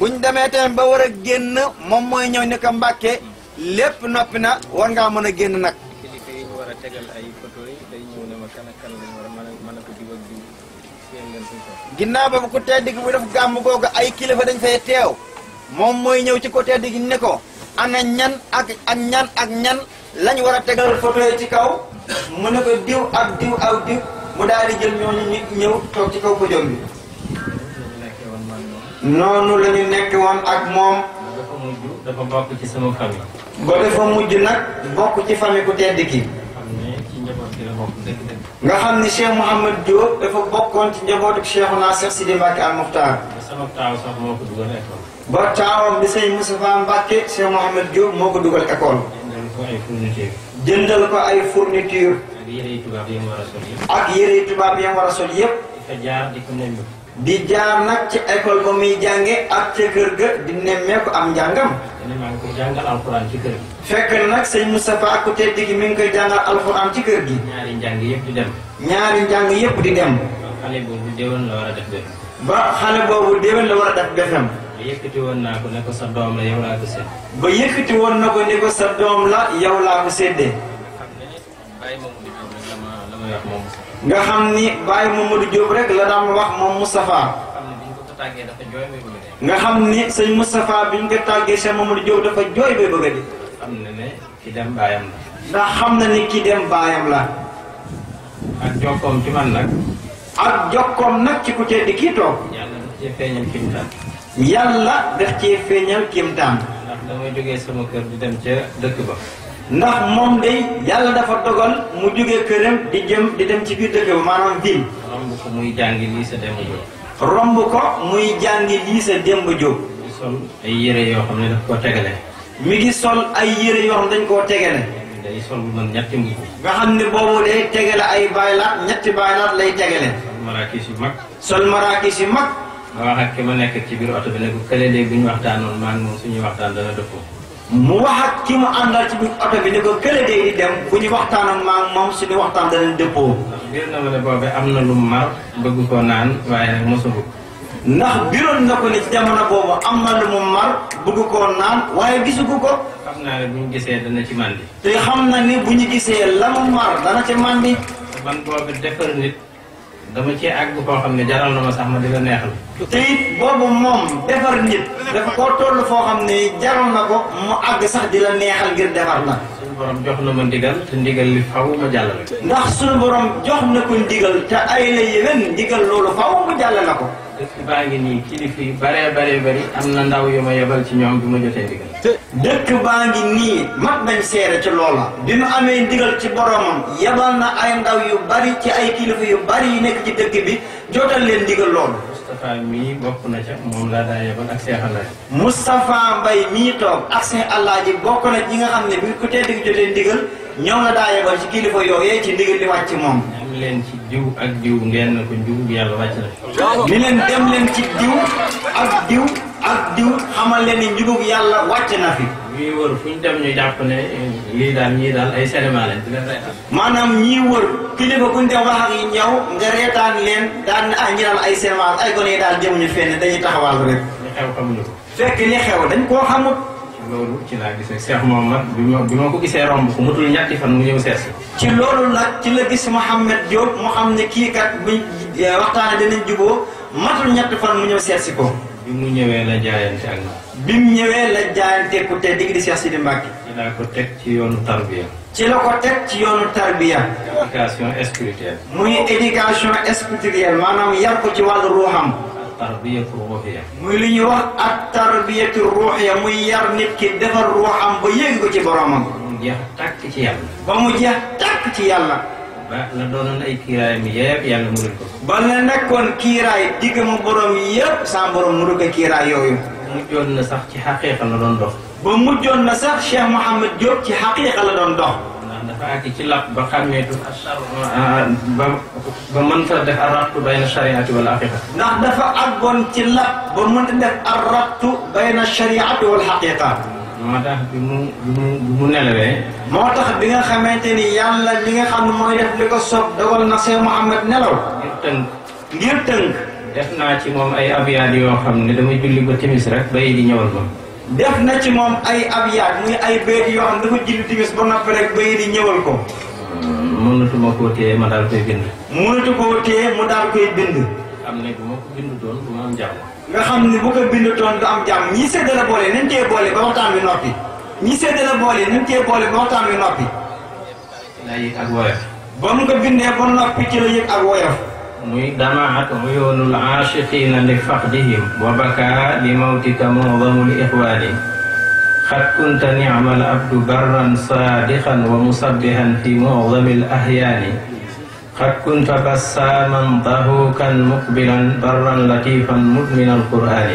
buñ demee tamit ba war a génn moom mooy ñëw ni ko mbàkke lépp noppi na war ngaa mën a génn nag. kilifa yi ko diw ak ginnaaw boobu ku tedd gi bu def gàmm googu ay kilifa dañ fay teew moom mooy ñëw ci ko tedd gi ne ko ana ñan ak ak ñan ak ñan lañ war a tegal photo yi ci kaw mu ne ko diw ak diw ak diw mu daal di jël ñooñu ñëw toog ci kaw podium bi. noonu la ñu nekk woon ak moom. dafa mujj dafa bokk ci sama famille. ba dafa mujj nag bokk ci famille ku tedd ki. nga xam ni Cheikh Mouhamed Diop dafa bokkoon ci njabootu Cheikhuna Cheikh Sidi Mbacke al Muxtaar. ba sama taaw sax moo ko dugal école. ba taawam bi sëñ Moustapha Mbacke Cheikh Mouhamed Diop moo ko dugal école. jëndal ko ay fourniture. jëndal ak yére tubaab yi mu war a ak yére tubaab yi mu war a di jaar nag ci école ba muy jànge ak ca kër ga di nemmeeku am njàngam. maa ngi koy jàngal alxuraan ci kër gi. fekk na nag sëñ Moustapha ku tedd gi mi ngi koy jàngal alxuraan ci kër gi. ñaari njàng yëpp di dem. ñaari njàng yëpp di dem. ba xale boobu déwén la war a def def. ba xale boobu déwén la war a def defam. ba yëkkati woon naa ko ne ko sa doom la yow laa ko sédd. woon na ko ne ko sa yow laa ko nga xam ni Baye Mamadou Diop rek la daan wax moom Moustapha. nga xam ni sëñ Moustapha biñ ko tàggee Cheikh Mamadou Diop dafa jooy bay bëgg bayam di. xam na ne ki dem baayam la. ndax xam na ni ki dem la. ak jokkoom ci man nag. ak jokkoom nag ci ku tedd kii toog. yàlla daf ndax sama kër di dem ba. ndax moom day yàlla dafa dogal mu jógee këram di jëm di dem ci biir dëkk bi maanaam ville. romb ko muy jàngi lii sa démb jóg. romb ko muy jàngi lii sa démb jóg. mi ngi sol ay yére yoo xam ne daf koo tegale. mi ngi sol ay yére yoo xam dañ koo tegale. day sol bu doon ñetti mbubb. nga xam ne boobu day tegale ay baylaat ñetti baylaat lay tegale. sol maraakis yu mag. sol maraakis yu mag. nga wax ak ki ma nekk ci biir oto bi ne bu kële léegi bu ñu waxtaanoon maa ngi moom suñuy waxtaan dana dëppoo. mu wax ak ki mu àndal ci biir oto bi ne ko kële day di dem bu ñu waxtaan ak maam moom suñu waxtaan danañ dëppoo. biir na ma ne na lu mar bëgg koo naan waaye nag mosu ko. ndax ko jamono boobu am na lu mu mar bëgg koo naan waaye gisugu ko. xam naa ne bu ñu gisee dana ci màndi. te xam na ni bu ñu gisee la mu mar dana ci màndi. man boobu defar nit. dama cee àgg koo xam ne jaral na ma sax ma di la neexal. te it boobu moom defar nit. dafa koo toll foo xam ne jaral na ko mu àgg sax di la neexal ngir defar la. suñu jox na ma ndigal te ndigal li faw ma jàllale. ndax suñu borom jox na ko ndigal te ay la yeneen ndigal loolu faw mu jàllale ko. dëkk baa ngi nii kilifa yu baree baree bari am na ndaw yu ma yebal ci ñoom bi ma jotee digal. dëkk baa ngi nii mat nañ seere ci loola. bi mu amee ndigal ci boromam yebal na ay ndaw yu bari ci ay kilifa yu bari yu nekk ci dëkk bi jotal leen ndigal loolu. Moustapha mii bokk na ca moom laa daa yebal ak Cheikh Alaaji. Moustapha Mbaye mii toog ak Cheikh Alaaji bokk na ñi nga xam ne bi ku tee dig jotee ndigal ñoom la daa yebal ci kilifa yooyee ci ndigal li moom. dem leen ci diw ak diw ngeen na ko njugub yàlla wàcc na mi leen dem leen ci diw ak diw ak diw xamal leen ni njugub yàlla wàcc na fi ñii wër fu ñu dem ñu jàpp ne eh, lii daal ñii daal ay cinéma maanaam ñii wër kilifa ku ñu dem wax ak ñëw nga reetaan leen daal ne ah ñi daal ay cinéma ay gone yi daal jëmuñu fenn dañuy taxawal rek li xew xamuñu ko fekk li xew dañ koo xamut loolu ci laa gisee Cheikh Mouhamad bi ma bi ma ko gisee romb ko mutul ñetti fan mu ñëw sees ci loolu nag ci la gis Mouhamed Diop mu xam ne kii kat buñ eh, waxtaane danañ juboo matul ñetti fan mu ñëw si ko bi mu ñëwee la jaayante ak moom bi mu ñëwee la jaayante ku te digg di Cheikh Sidi Mbacke ci laa ko teg ci yoonu tarbiya ci la ko teg ci yoonu tarbiya éducation spirituelle muy éducation spirituelle maanaam yar ko ci wàllu ruuxam tarbiyatu ruuxiya muy lu ñuy wax ak tarbiyatu ruuxiya muy yar nit ki defar ruuxam ba yéegi ko ci boromam. ba mu jeex tàkk ci yàlla. ba mu jeex tàkk ci yàlla. ba la doonoon ay kiiraay mi yëpp yàlla mënul ko. ba la nekkoon kiiraay digg mu borom yëpp. sans borom mënul ko kiiraay yooyu. mujjoon na sax ci xaqiiqa la doon dox. ba mujjoon na sax Cheikh Mouhamed Diop ci xaqiiqa la doon dox. dafa àgg ci làpp ba xàmmeetu ah, ba ba mënta def arrabtu bayna shariati wal haqiqa ndax dafa àggoon ci làpp ba mënta def arrabtu bayna shariati wal haqiqa moo tax bi mu bi mu bi mu nelawee moo tax bi nga xamante ni yàlla li nga xam ne mooy def li ko soob dogal na see Muhammad nelaw ngir tënk ngir tënk def naa ci moom ay abiyaat yoo xam ne dama julli ba timis rek bay di ñëwal ba def na ci moom ay ab yaag muy ay béykat yoo xam dafa julli timis ba noppi rek béykat yi ñëwal ko. mënatuma koo téye ma daal koy bind. mënatu koo téye mu daal koy bind. am ne bu ma ko bind doon du ma am jàmm. nga xam ni bu ko bind doon du am jàmm ñii séddale boole nañ cee boole ba waxtaan wi noppi. ñii séddale boole nañ cee boole ba waxtaan wi noppi. la yëg ak woyof. ba mu ko bindee ba noppi ci la yëg ak woyof. muy دمعت عيون العاشقين لفقدهم وبكى لموتك معظم الإخوان قد كنت نعم العبد برا صادقا ومسبحا في معظم الأحيان قد كنت بساما ضهوكا مقبلا برا لطيفا مؤمن القرآن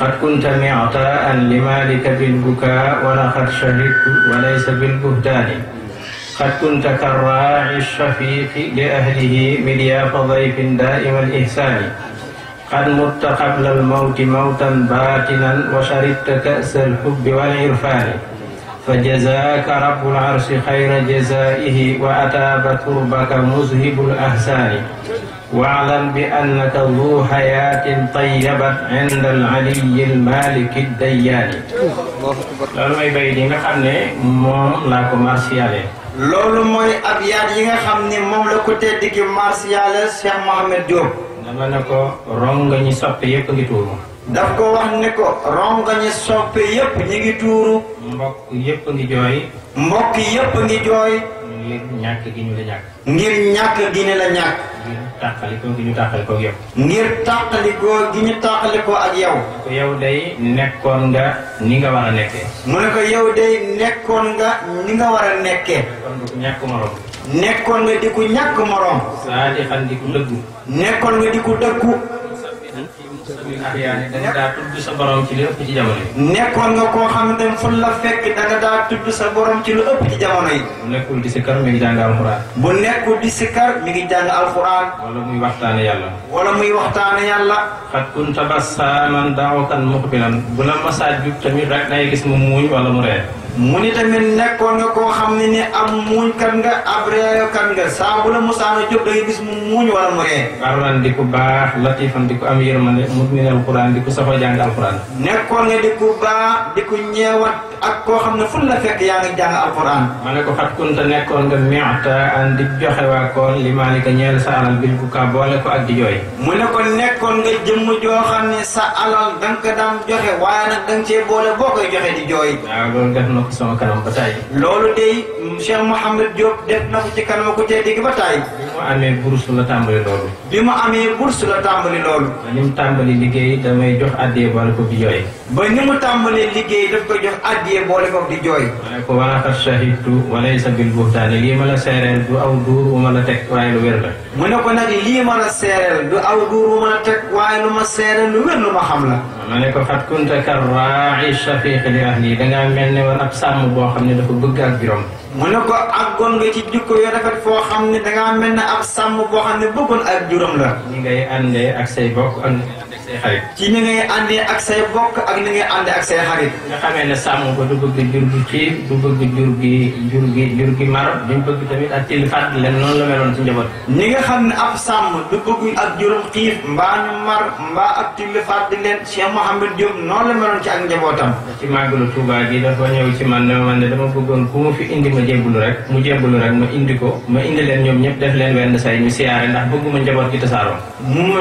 قد كنت معطاء لمالك بالبكاء ولقد شهدت وليس بالبهتان قد كنت كالراعي الشفيق لأهله ملياف ضيف دائم الإحسان قد مت قبل الموت موتا باطنا وشربت كأس الحب والعرفان فجزاك رب العرش خير جزائه وأتاب كربك مذهب الأحسان واعلم بأنك ذو حياة طيبت عند العلي المالك الديان الله أكبر loolu mooy abyaat yi nga xam ni moom la ko tedd ki marsiyaale Cheikh Mohamed Diop. dama ne ko ronga ñi soppe yépp ngi tuuru. daf ko wax ne ko ronga ñi soppe yépp ñi ngi tuuru. mbokk yépp ngi jooy. mbokk yépp ngi jooy. ngir ñàkk gi ñu la ñàkk. ngir ñàkk gi ne la ñàkk. ngir tàqalikoo gi ñu tàqalikoo ak yow. ngir tàqalikoo gi ñu tàqalikoo ak yow. mu ko yow day nekkoon nga ni nga war a nekkee. mu ne ko yow day nekkoon nga ni nga war a nekkee. ñàkk morom. nekkoon nga di ku ñàkk moroom saa di xam di ku dëggu. nekkoon nga di ku dëggu. nekkoon nga koo xam ne fu la fekk da nga daa tudd sa borom ci lu ëpp ci jamono yi. bu nekkul di sikar mi ngi jàng alxuraan. bu nekkul di sikar mi ngi jàng alxuraan. wala muy waxtaane yàlla. wala muy waxtaane yàlla. xat kunta bassaaman daawakan muqbilan bu la masaaj jub tamit rek nay gis mu muuñ wala mu ree. mu ni tamit nekkoon nga koo xam ne ni am muuñ kat nga ab reekat nga saa bu la musaana jóg da gis mu muuñ wala mu ree alxuraan di ku baax latifan di ku am yërmande mu ni alxuraan di ku safa jàng alxuraan nekkoon nga di ku baax di ku ñeewat ak koo xam ne fu la fekk yaa ngi jàng alxuraan ma ne ko fat kunta nekkoon nga miata an di joxe waa koon li maa ni ko ñeel sa alal bil ku ka boole ko ak di jooy mu ne ko nekkoon nga jëmm joo xam ne sa alal da nga ko daan joxe waaye nag da nga cee boole boo koy joxe di jooy na ko kanam ba tàyyi loolu day Cheikh Mouhamed Diop def na ko ci kanam ko tee digg ba tàyyi bi mu amee bourse la tàmbali loolu bi mu amee bourse la tàmbali loolu dañu tàmbali liggéey damay jox addee a ko bi ba ñu mu tàmbalee liggéey daf ko jox àddiyee boole ko di jooy. ma ne ko walaaka shahidtu walaysa bil buhtaani lii ma la seereel du aw duur wu ma la teg waaye lu wér la. mu ne ko nag lii ma la seereel du aw duur wu ma la teg waaye lu ma seereel lu wér lu ma xam la. ma ne ko xat kunta karraa'i shafiiq li ahli da mel ne woon ab sàmm boo xam ne dafa bëgg ak juróom. mu ne ko àggoon nga ci jikko yu rafet foo xam ne dangaa mel ne ab sàmm boo xam ne bëggoon ak juróom la. ni àndee ak say bokk ci ni ngay àndee ak say bokk ak ni ngay àndee ak say xarit nga xamee ne sàmm ko du bëgg jur gi xiif du bëgg jur gi jur gi jur gi mar du bëgg tamit ak til fàtt leen noonu la meloon ci njaboot ñi nga xam ne ab sàmm du bëgg ak jurum xiif mbaa ñu mar mbaa ak til fàtt leen Cheikh Mouhamed Diop noonu la meloon ci ak njabootam ci màggalu Touba gi dafa ñëw ci man ne man dama bëggoon ku mu fi indi ma jébbulu rek mu jébbulu rek ma indi ko ma indi leen ñoom ñëpp def leen wenn say ñu siyaare ndax bëgguma njaboot gi tasaaroo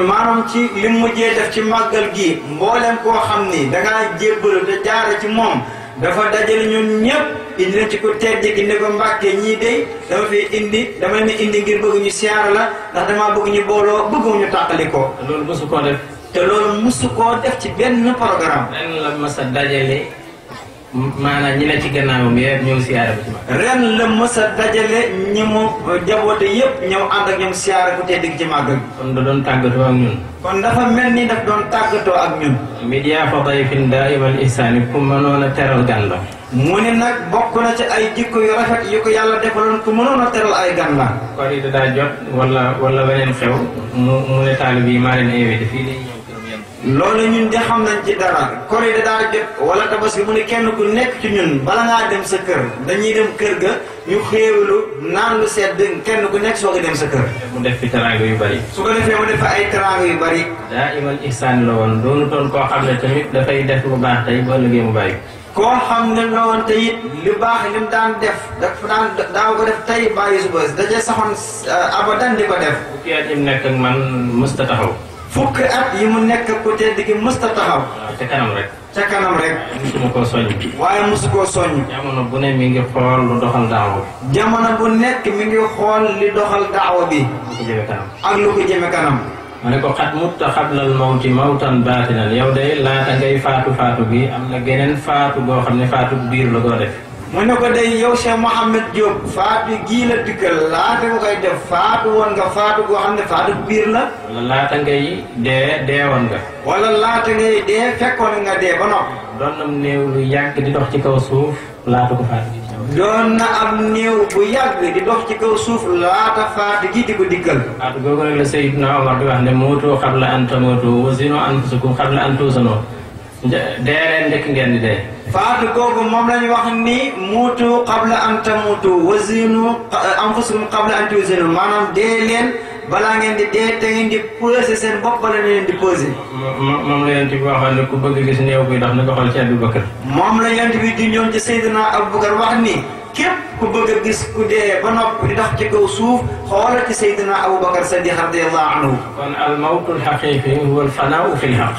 maanaam ci lim mujjee def ci màggal gi mboolem koo xam ni dangaa jébbalu te jaara ci moom dafa dajale ñun ñëpp indi na ci ku tedd gi ne ko mbàkkee ñii dey dama fi indi dama leen indi ngir bëgg ñu siyaara la ndax damaa bëgg ñu booloo bëggu ñu tàqali ko. loolu mosu koo def. te loolu musu koo def ci benn programme. ren la mas a dajale. maanaam ñi ne ci gannaawam yéen ñëw siyaare ko ci mag. ren la mës a dajale ñi mu jaboote yépp ñëw ànd ak ñoom siyaare ko te digg ci màggal bi. kon doon tàggatoo ak kon dafa mel ni daf doon tàggatoo ak ñun. midia fa dayfin daa'imal ihsaani ku mënoon a teral gan la. mu ne nag bokk na ci ay jikko yu rafet yu ko yàlla defaloon ku mënoon a teral ay gan la. kon it daa jot wala wala beneen xew. mu mu ne taalib yi maa leen invité fii loolu ñun de xam nañ ci dara kori da daa jot wala tabaski mu ne kenn ku nekk ci ñun bala ngaa dem sa kër dañuy dem kër ga ñu xéewalu naan lu sedd kenn ku nekk soog sa kër. mu def fi teraanga yu bari. su ko defee mu def ay teraanga yu bari. daa imal ihsaan la woon doonu toon koo xam ne tamit dafay def lu baax tey ba liggéey mu bàyyi. koo xam ne la woon te it lu baax li mu daan def dafa daan daaw ko def tey bàyyi suba daje saxoon euh, abadan di ko def. bu kii at im nekk ak man mësta taxaw. fukk at yi mu nekk ku tedd gi mësta taxaw. waaw ca kanam rek. ca kanam rek. musuma koo soññ. waaye musu koo soññ. jamono bu ne mi ngi xool lu doxal daawa bi. bu nekk mi ngi xool li doxal daawa bi. ak lu ko jëme kanam. ma ne ko xat mutta xablal mawti mawtan baatinan yow de laata ngay faatu faatu bi am na geneen faatu goo xam ne faatu biir la koo def. mu ne ko day yow Cheikh Mouhamed Diop faatu gii la dikkal laata nga koy def faatu woon nga faatu goo xam ne faatu biir la. wala laata ngay dee dee woon nga. wala laata ngay dee fekkoon nga dee ba noppi. doon na am néew lu di dox ci kaw suuf laata ko faatu gi. doon na am néew bu yàgg di dox ci kaw suuf laata faatu gi di ko dikkal. faatu googu nag la Seydina Omar di wax ne mootoo xabla an tamootoo wa zinu anfusakum xabla an tuusanoo dee leen njëkk ngeen di dee. faatu kooku moom la ñu wax ni muutu qabla an tamuutu wazinu eh, anfusukum qabla an tuwazinu maanaam dee leen balaa ngeen di dee te ngeen di posé seen bopp bala ngeen di posé. moom la yonent bi waxoon ne ku bëgg gis néew bi ndax na ko xool ci Abu Bakar. moom la yonent bi di ñoom ci Seydina Abubakar wax ni. képp ku bëgg a gis ku dee ba noppi di dox ci kaw suuf xoolal ci Seydina Aboubacar Sadiq radiyallahu anhu. kon al mawtul xaqiqi huwa al fanaaw fi l xaq.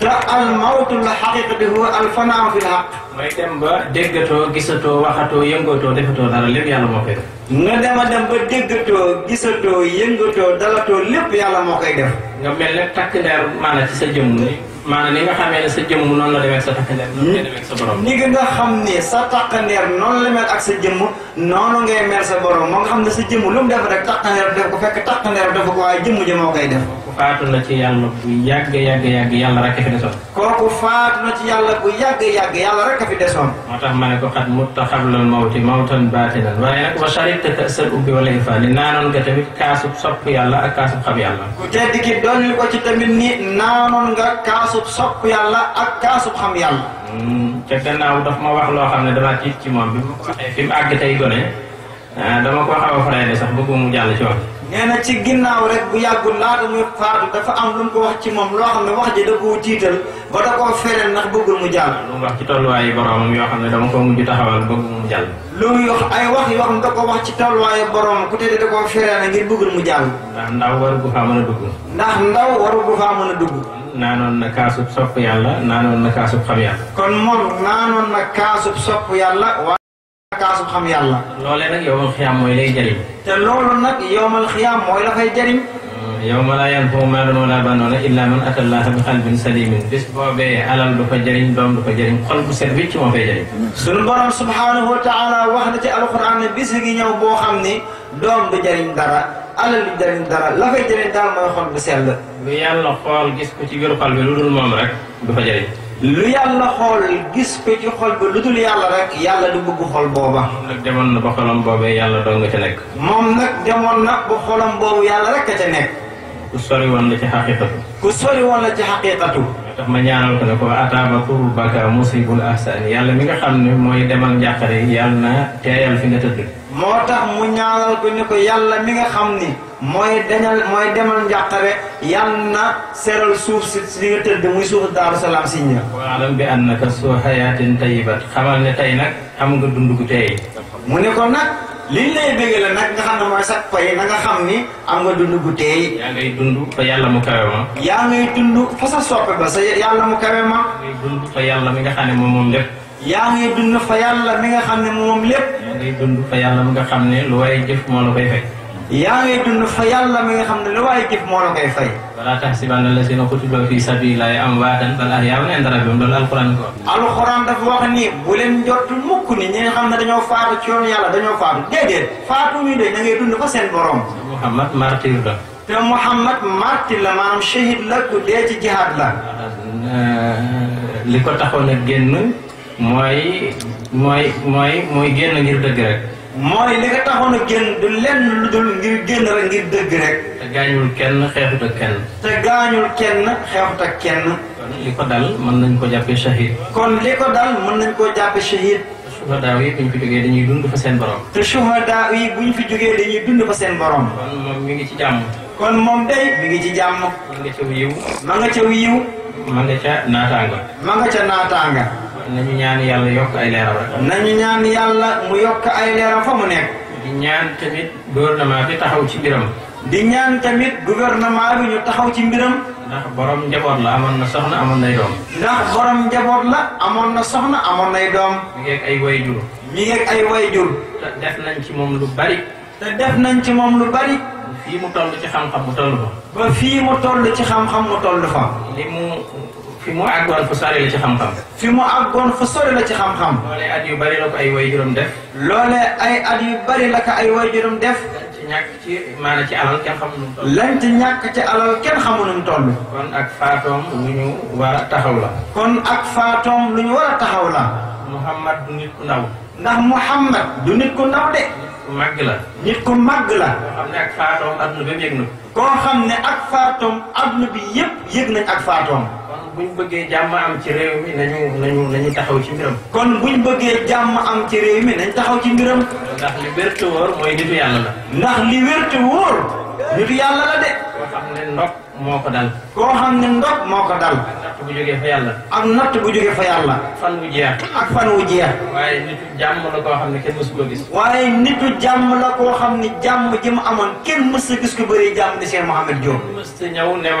te al mawtul xaqiqi huwa al fanaaw fi l xaq. mooy dem ba déggatoo gisatoo waxatoo yëngatoo defatoo dara lépp yàlla moo koy def. nga dem a dem ba déggatoo gisatoo yëngatoo dalatoo lépp yàlla moo koy def. nga mel ne takk der maanaam ci sa jëmm ni maanaam ni nga xamee ne sa jëmm noonu la demee sa takkandeer noonu la demee sa borom. ni nga xam ne sa takkandeer noonu la mel ak sa jëmm noonu ngay mel sa borom moo nga xam ne sa jëmm lu mu def rek takkandeer def ko fekk takkandeer def ko waaye jëmm ja moo def. faatu na ci yàlla bu yàgg yàgg yàgg yàlla rek fi desoon. kooku faatu na ci yàlla bu yàgg yàgg yàlla rek fi desoon. moo tax ma ne ko xat mutta xablal mawti mawtan baatinan waaye nag wa sharibta tamit kaasub sopp yàlla xam yàlla. ku tedd ki doon hmm, ma wax loo xam ne damaa tiit ci moom bi mu ko waxee fi mu àgg tey gone ah, dama ko xaw a faral sax bëgg mu jàll ci wax. nee na ci ginnaaw rek bu yàggul laata muy faatu dafa am lu mu ko wax ci moom loo xam ne wax ji da tiital ba koo fereel ndax bëggul mu jàll. lu mu ci tolluwaayu boromam yoo xam ay wax yoo xam ne da ko wax ci tolluwaayu boromam ku tee da koo fereel ngir bëggul mu jàll. ndax ndaw waru faa mën a dugg. ndax ndaw waru gu faa mën a dugg. naanoon na kaasub sopp yàlla naanoon na kaasub xam yàlla. kon moom naanoon na kaasub sopp yàlla. kaasu xam yàlla. loolee nag yowmal xiyaam mooy lay jëriñ. te loolu nag yowmal xiyaam mooy la fay jëriñ. Mm, yowma laa yanfau maalun wala banuuna illa man ata bi qalbin salimin bis boobee alal du ko jëriñ doom du ko jëriñ xol bu set wicc moo koy jëriñ. sunu borom subhaanahu wa taala wax na ci alquran ne bis boo xam ni doom du jëriñ dara alal du jëriñ dara la fay jëriñ daal mooy xol bu sell. lu yàlla xool gis ko ci biir xol bi lu dul moom rek du lu yàlla xool gis ko ci xol ba lu dul yàlla rek yàlla du bëgg xol booba. moom nag demoon na ba xolam boobee yàlla doo nga ca nekk. moom nag demoon na ba xolam boobu yàlla rek a ca nekk. ku sori woon la ci xaqiqatu. ku sori woon la ci xaqiqatu. tax ma ñaanal ko ne ko ataaba kuru baka musibul ahsani yàlla mi nga xam ne mooy demal njàqare yàlla na teeyal fi nga tëdd. moo tax mu ñaanal ko ne ko yàlla mi nga xam ni. mooy dañal mooy demal njàqare yal na seral suuf si si nga tëdd muy suuf daaru salaam si ñëw. waaw alam bi annaka soo xayaatin tayibat xamal ne tey nag xam nga dund gu tey. mu ne ko nag liñ lay bëgg la nag nga xam ne mooy sax pay na nga xam ni am nga dund gu tey. yaa ngay dund fa yàlla mu kawe ma. yaa ngay dund fa sa soppe ba sa yàlla mu kawe ma. yaa ngay dund fa yàlla mi nga xam ne moom moom lépp. yaa ngay dund fa yàlla mi nga xam ne moom lépp. yaa ngay dund fa yàlla mi nga xam ne lu waay jëf moo la koy fay. yaa ngay dund fa yàlla mi nga xam ne lu waaye jëf moo la koy fay. wala tahsibanna allazina qutilu fi sabilillahi amwaatan bal ahyaa'un inda rabbihim loolu alquran ko. alquran dafa wax ni bu leen njott mukk ni ñi nga xam ne dañoo faatu ci yoonu yàlla dañoo faatu déedéet faatu ñu de da ngay dund fa seen borom. Muhammad martir la. te Muhammad martir la maanaam shahid la ku dee ci jihaad la. li ko taxoon a génn mooy mooy mooy génn ngir dëgg rek. mooy li nga taxoon a génn du lenn lu dul ngir génn rek ngir dëgg rek. te gaañul kenn xeexut ak kenn. te gaañul kenn xeexut ak kenn. kon li ko dal mën nañ ko jàppee shahid. kon li ko dal mën nañ koo jàppee shahid. suhadaa yi buñ fi jógee dañuy dund fa seen borom. te suhadaa bu ñu fi jógee dañuy dund fa seen borom. kon moom mi ngi ci jàmm. kon moom day mi ngi ci jàmm. ma nga ca yiw. ma nga ca yiw. ma nga ca naataanga. ma nga ca naataanga. nañu ñaan yàlla yokk ay leeram rek. nañu ñaan yàlla mu yokk ay leeram fa mu nekk. di ñaan tamit gouvernement bi taxaw ci mbiram. di ñaan tamit gouvernement bi ñu taxaw ci mbiram. ndax borom njaboot la amoon na soxna amoon nay doom. borom njaboot la amoon na soxna amoon nay doom. mi ngeeg ay wayjur. mi ngeeg ay wayjur. te def nañ ci moom lu bari. te def nañ ci moom lu bari. fii mu toll ci xam-xam mu toll fa. ba fii mu toll ci xam-xam mu toll fa. li mu fi mu àggoon fa sori la ci xam-xam. fi mu àggoon fa sori la ci xam-xam. loolee at yu bari la ko ay waajuram def. loolee ay at yu bari la ay ay waajuram def. ñàkk ci maanaam ci alal kenn xamu nu mu toll. lañ ñàkk ci alal kenn xamu nu mu toll. kon ak faatoom lu ñu war a taxaw la. kon ak faatoom lu ñu war a taxaw la. Muhammad du nit ku ndaw. ndax Muhammad du nit ku ndaw de. màgg la. nit ku màgg la. koo xam ne ak faatoom adduna bi yëg na. koo xam ne ak faatoom adduna bi yëpp yëg nañ ak faatoom. kon buñ bëggee jàmm am ci réew mi nañu nañu nañu taxaw ci mbiram. kon ñu bëggee jàmm am ci réew mi nañ taxaw ci mbiram. ndax li wér mooy nitu yàlla la. ndax li wér te yàlla la de. ndox moo ko dal. koo xam ne ndox moo ko dal. ak natt bu jógee fa yàlla. ak natt bu jógee fa yàlla. fan wu jeex. ak fan wu jeex. waaye nitu jàmm la koo xam ne kenn mësu ko gis. waaye nitu jàmm la xam ne jàmm ji mu amoon kenn mës a gis ku bëree jàmm di seen Mouhamed Diop. kenn ma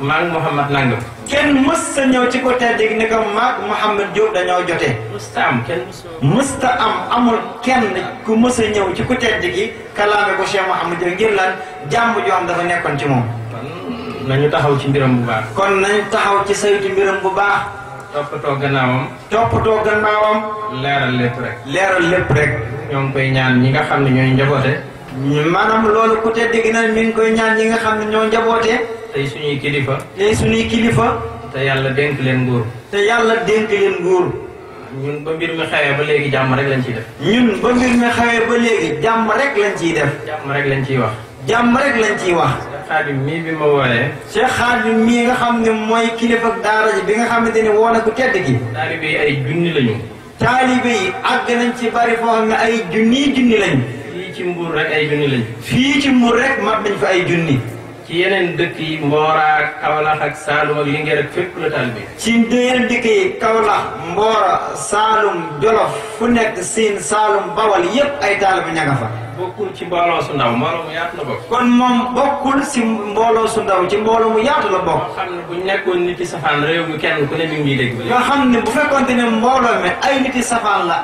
maa ngi Mouhamed nangam. kenn mës a ñëw ci côté dégg ne ko maag Mouhamed Diop dañoo jotee. mësta am kenn mësta am amul kenn ku mës a ñëw ci côté dégg yi kalaame ko Cheikh Mouhamed Diop ngir lan jàmm joo am dafa nekkoon ci moom. nañu taxaw ci mbiram bu baax. kon nañu taxaw ci saytu mbiram bu baax. toppatoo gannaawam. toppatoo gannaawam. leeral lépp rek. leeral lépp rek. ñoo ngi koy ñaan ñi nga xam ne ñooy njaboote. maanaam loolu ku te na mi koy ñaan ñi nga xam ne ñoo njaboote. tey suñuy kilifa. tey suñuy kilifa. te yàlla dénk leen nguur. te yàlla dénk leen nguur. ñun ba mbir mi xawee ba léegi jàmm rek lañ ciy def. ñun ba mbir mi xawee ba léegi jàmm rek lañ ciy def. jàmm rek lañ ciy wax. jàmm rek lañ ciy wax. xaadim mii bi ma wooyee. Cheikh xaadim mii nga xam ne mooy kilifa daara ji bi nga xamante ne woo na ku tedd gi. taalibe yi ay junni lañu. taalibe yi àgg nañ ci bari foo xam ay junni junni lañu. fii ci Mbour rek ay junni lañu. fii ci Mbour rek mat nañ fa ay junni. ci yeneen dëkk yi Mbora ak ak Saalum ak Linguère ak fépp la taalibe. ci yeneen dëkk yi Kaolack Mbora Saalum Jolof fu nekk Siin Saalum Bawal yépp ay taalibe ña fa. bokkul ci mbooloo su ndaw mbooloo mu yaatu la bokk. kon moom bokkul si mbooloo su ndaw ci mbooloo mu yaatu la bokk. bu nekkoon nit yi safaan réew mi kenn ku ne mi ngi ne bu fekkoonte ne mbooloo mi ay nit yi safaan la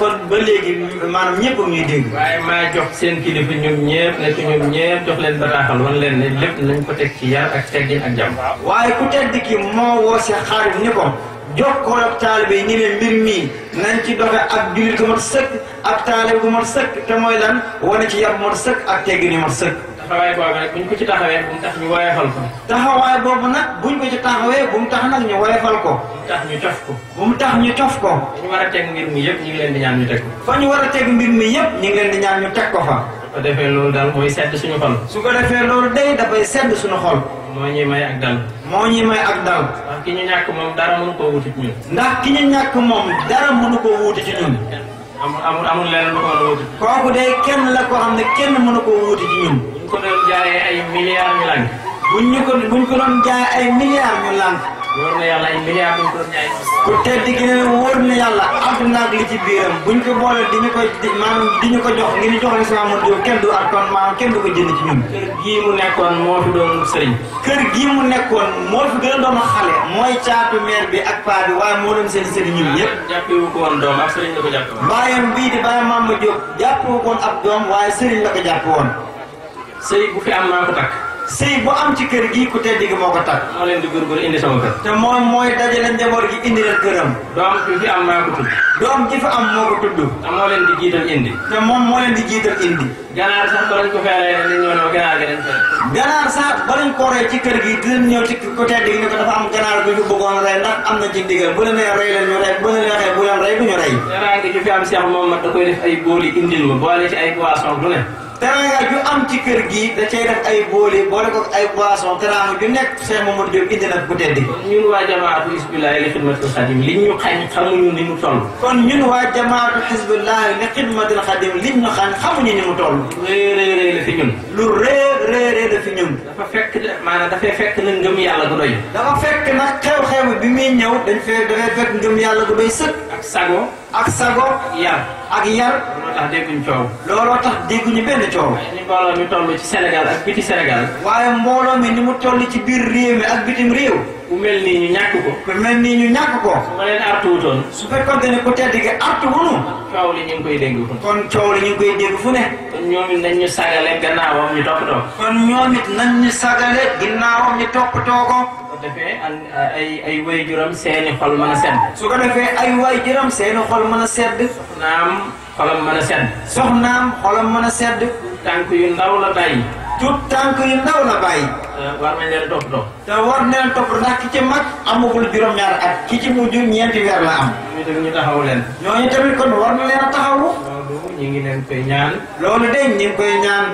kon ba léegi maanaam ñëpp ñuy dégg. waaye maa jox seen kilifa ñoom ñëpp nekk ñoom ñëpp jox leen bataaxal leen ne lépp ko teg ci yar ak teggin ak jàmm. waaye ku tedd ki moo woo si xarit ni jokkoo ak taalibe yi ni leen mbir mii nañ ci doxe ak jullit gu mat sëkk ak taalibe gu mat sëkk te mooy lan wane ci yar mat sëkk ak teggin yu mat sëkk. taxawaay boobu nag buñ ko ci taxawee bu mu tax ñu woyefal ko. taxawaay boobu nag buñ ko ci taxawee bu mu tax nag ñu woyefal ko. bu mu tax ñu cof ko. bu mu tax ñu cof ko. ñu war a teg mbir mi yëpp ñu ngi leen di ñaan ñu teg ko. fa ñu war a teg mbir mi yëpp ñu ngi leen di ñaan ñu teg ko fa. ko defee loolu daal mooy sedd suñu xol. su ko defee loolu day dafay sedd suñu xol. moo ñuy may ak dal. moo ñuy may ak dal. ndax ki ñu ñàkk moom dara mënu koo wuti ci ñun. ndax ki ñu ñàkk moom dara mënu koo wuti ci ñun. amul amul leneen lu ko a wuti. kooku kenn la koo xam ne kenn mënu koo wuti ci ñun. ko doon jaayee ay milliards ñu lànk. buñ ko buñ ko doon jaayee ay milliards wóor na yàlla ay milliards ñu doon ñaay. ku tedd gi ne wóor na yàlla àdduna ak li ci biiram buñ ko boole di ñu ko maanaam di ñu ko jox ngir ñu jox leen si Mamadou Diop kenn du ak kon maanaam kenn du ko jënd ci ñun. kër gii mu nekkoon moo fi doon sëriñ. kër gii mu nekkoon moo fi gën a doon bi ak paa bi moo doon seen sëriñ ñun ñëpp. Ah, ko woon doom ak sëriñ la ko jàppee woon. bàyyam bii di ko woon. sëriñ bu fi am naa ko takk. sëy bu am ci kër gi ku tedd gi moo ko takk. moo leen di góorgóorlu indi sama kër. te moom mooy dajale njaboot gi indi leen këram. doom bi fi am maa ko tudd. doom ji fi am moo ko tudd. te moo leen di jiital indi. te moom moo leen di jiital indi. ganaar sax ba lañ ko feeree ni ñëw na ganaar gi dañ fee. ganaar sax ba lañ ko rey ci kër gi dinañ ñëw ci ku tedd gi ne ko dafa am ganaar bu ñu bëggoon rey ndax am na ci ndigal bu leen nee rey leen ñu rey bu leen nee bu leen rey bu ñu rey. ganaar gi ju fi am seex moom da koy def ay booli indil ma boole ci ay poisson du ne teranga yu am ci kër gi da cay def ay boole boole ko ay boisson teranga ju nekk Cheikh Mamadou Diop indi na bu tedd bi ñun waa jamaatu Hizbullah li xidmatul xadim liñ ñu xañ xamuñu ni mu toll kon ñun waa jamaatu Hizbullah li xidmatul xadim liñ ñu xañ xamuñu ni mu toll réy réy réy fi ñun lu réy réy réy fi ñun dafa fekk maanaam dafay fekk na ngëm yàlla gu doy dafa fekk xew bi muy ñëw dañ fee dafay fekk ngëm yàlla gu doy sëkk ak sago ak sago yar ak yar. looloo tax dégguñ coow. looloo tax dégguñu benn coow. ni mbooloo mi toll ci Sénégal ak biti Sénégal. waaye mbooloo mi ni mu toll ci biir réew mi ak bitim réew. ku mel nii ñu ñàkk ko. ku mel nii ñu ñàkk ko. su ma leen artu wutoon. su fekkoon ne ku tedd gi artu wunu. coow li ñu ngi koy dégg fu ne. kon coow li ñu ngi koy dégg fu ne. kon ñoom it nañ ñu sagale gannaawam ñu toppatoo. kon ñoom it nañ ñu sagale ginnaawam ñu toppatoo ko. defee uh, ay ay waajuram seeni xol mën a sedd. su ko defee ay waajuram seeni xol mën a sedd. soxnaam xolam mën a sedd. soxnaam xolam mën a sedd. tànk yu ndaw la bàyyi. tout tànk yu ndaw la bàyyi. war nañ leen topp dox. te war nañ leen topp ndax ki ci mag amagul juróom-ñaar ak ki ci mujj ñeenti weer la am. ñooñu tamit ñu taxaw leen. ñooñu tamit kon war na leen a taxawu. loolu ñu ngi leen koy ñaan. loolu de ñu koy ñaan.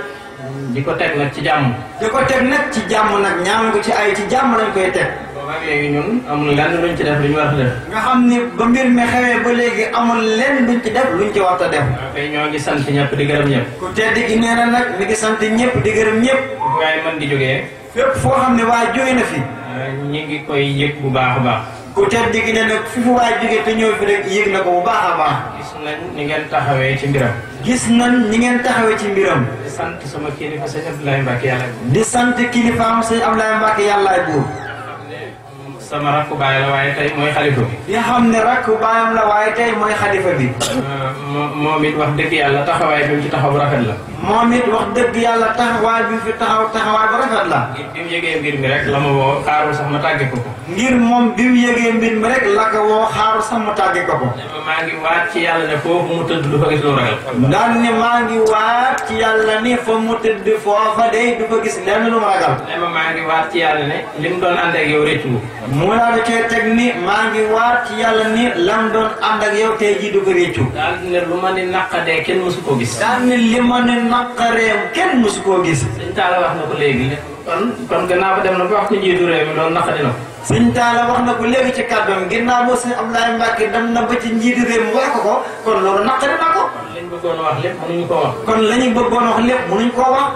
di ko teg nag ci jàmm. di ko teg nag ci jàmm nag ñaan ko ci ay ci jàmm lañ koy teg. boobaag léegi ñun amul lenn luñ ci def luñ war a def. nga xam ni ba mbir mi xewee ba léegi amul lenn luñ ci def luñ ci war a def. waaw kay ñoo ngi sant ñëpp di gërëm ñëpp. ku tedd gi nee na nag mi ngi sant ñëpp di gërëm ñëpp. waaye man di jógee. fépp foo xam ne waa jóge na fi. ñu ngi koy yëg bu baax a baax. ku tedd gi ne nag fi fu waay jóge te ñëw fi rek yëg na ko bu baax a baax. gis nañ ñi ngeen taxawee ci mbiram. gis nañ ñi ngeen taxawee ci mbiram. di sant sama kilifa sëñ Abdoulaye Mbacke yàlla. di sant kilifaam sëñ Abdoulaye Mbacke yàllaay buur. sama rakku baay la waaye tey mooy xalifa bi. nga xam ne rakku baayam la waaye tey mooy xalifa bi. Euh, moom it wax dëgg yàlla taxawaay bi mu ci taxaw rafet la. moom it wax dëgg yàlla taxawaay bi fi taxaw taxawaay bu la. bi mu yëgee mbir mi rek la ma woo xaarul sax ma tàgge ko ko. ngir moom bi mu yëgee mbir mi rek la ko woo xaarul sax ma ko ko. maa ngi waat ci yàlla ne foofu mu tëdd du fa gis lu ragal. daal ne maa ngi waat ci yàlla ne fa mu tëdd foofa day du fa gis lenn lu mu ragal. ne ma maa ngi waat ci yàlla ne li doon ànd ak yow rëccu. mu laa da cee teg ni maa ngi waat ci yàlla ni lam doon ànd ak yow tey jii du ko rëccu. daal ne lu ma ni naqadee kenn mësu ko gis. daal naqar réew kenn mësu koo gis sëñ Talla wax na ko léegi kon kon gannaaw ba dem na ba wax njiitu réew loolu naqari na ko sëñ Talla wax na ko léegi ci kàddoom ginnaaw boo sëñ Abdoulaye Mbacke dem na ba ci njiitu réew mi wax ko ko kon loolu naqari na ko kon lañ bëggoon wax lépp mënuñu koo wax kon lañu bëggoon wax lépp mënuñu koo wax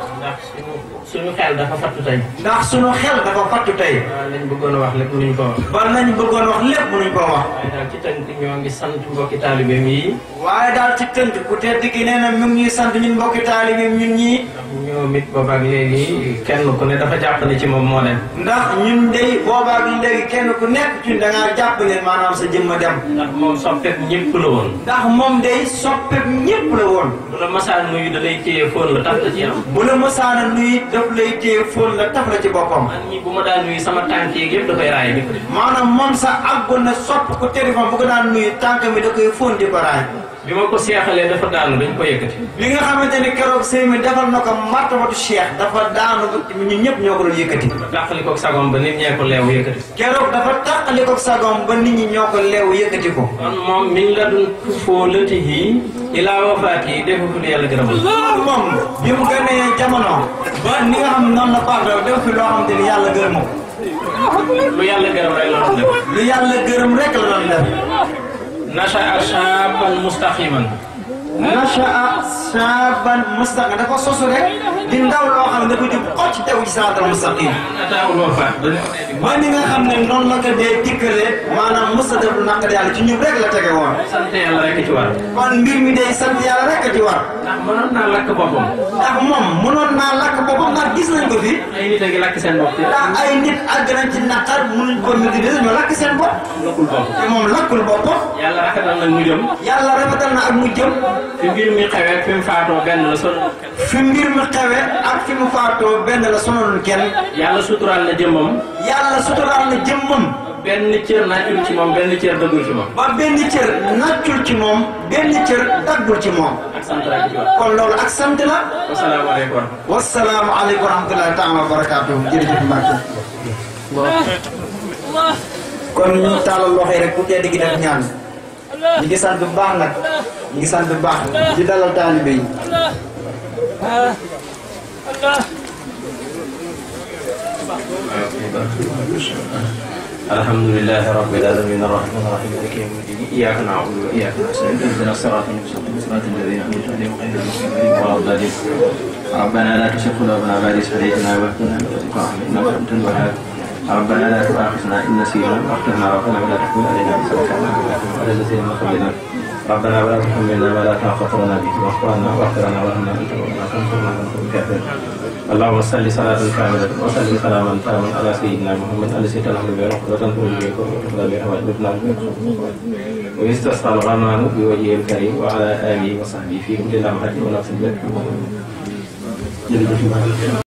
suñu xel dafa fattu tey. ndax suñu xel dafa fattu tey. waaw lañ bëggoon a wax lépp mënuñ koo wax. ba lañ bëggoon wax lépp mënuñ koo wax. waaye daal ci tënk ñoo ngi sant mbokki taalibeem yi. waaye daal ci tënk ku tedd gi nee na mu ngi sant ñun mbokki taalibeem ñun ñii. ñoom it boobaak léegi kenn ko ne dafa jàpp ne ci moom moo ne ndax ñun de boobaak léegi kenn ku nekk ci dangaa jàpp ne maanaam sa jëmma dem. ndax moom soppeek ñëpp la woon. ndax moom de day soppeek ñëpp la woon. bu la masaan nuyu da lay téye fóon la taf la ci yaram. bu la masaan nuyu daf lay téye ci boppam. man ñii bu ma daan nuyu sama tànk yeeg yëpp da koy raay bi. maanaam moom sax àggoon na sopp ko téléphone bu ko daan nuyu tànk mi da koy di ko raay. bi ma ko seexalee dafa daanu dañ ko yëkkati. li nga xamante ni keroog sëy mi defal na ko martabatu cheikh dafa daanu ñun ñëpp ñoo ko doon yëkkati. tàqali koog sagom ba nit ñee ko leew yëkkati. keroog dafa tàqali ba nit ñi ñoo ko leew yëkkati ko. kon moom mi ngi la doon foo lëti yi. ilaa wafaat yi defagul yàlla gërëmal. moom bi mu gënee jamono. ba ni nga xam noonu la Pape yàlla gërëm ko. lu yàlla gërëm rek la doon def. lu yàlla gërëm rek la doon def. نشأ شابا مستقيما nasha shaban mustaqim dafa sosu rek di ndaw loo xam ne dafa jub xocc tew ci siraatal mustaqim mooy ni nga xam ne noonu la ko dee dikkale maanaam musta def lu naqari yàlla ci ñub rek la tege woon sant yàlla rek ci war kon mbir mi day sant yàlla rek ci war ndax mënoon naa lakk boppam ndax moom mënoon naa ay nit a ngi lakk ko maîtriser lakk seen bopp lakkul bopp te moom lakkul boppam yàlla na ak mujjam yàlla rafetal na ak mujjam fi mbir mi xewee fi mu faatoo benn la sonn. fi mbir mi xewee la jëmmam. yàlla suturaal na jëmmam. benn cër naccul ci moom benn cër daggul ci moom. ba benn cër naccul ci moom kon loolu ak sant la. wasalaamaaleykum. wasalaamualeykum wa rahmatulahi taala wa barakaatu. jërëjëf Mbacke. kon rek bu tedd gi def ñaan. ñi sant baax nag ñi sant baax di dalal taalibe yi الحمد لله رب العالمين الرحمن الرحيم مالك يوم الدين اياك نعبد واياك نستعين اهدنا الصراط المستقيم صراط الذين انعمت عليهم غير المغضوب عليهم ولا الضالين ربنا لا تزغ قلوبنا بعد إذ هديتنا وهب لنا من لدنك رحمة انك انت الوهاب ربنا لا تؤاخذنا إن نسينا واغفرنا ربنا ولا تحمل علينا إسرا كما حملته على الذين من قبلنا ربنا ولا تحملنا ما لا طاقة لنا به واعف عنا واغفر لنا وارحمنا أنت ربنا فانصرنا على القوم الكافرين اللهم صل صلاة كاملة وسلم سلاما تاما على سيدنا محمد الذي تنهض به وتنفذ به وتقضى به وتبنى به ويستسقى الغمام بوجهه الكريم وعلى آله وصحبه في كل لمحة ونفس جلد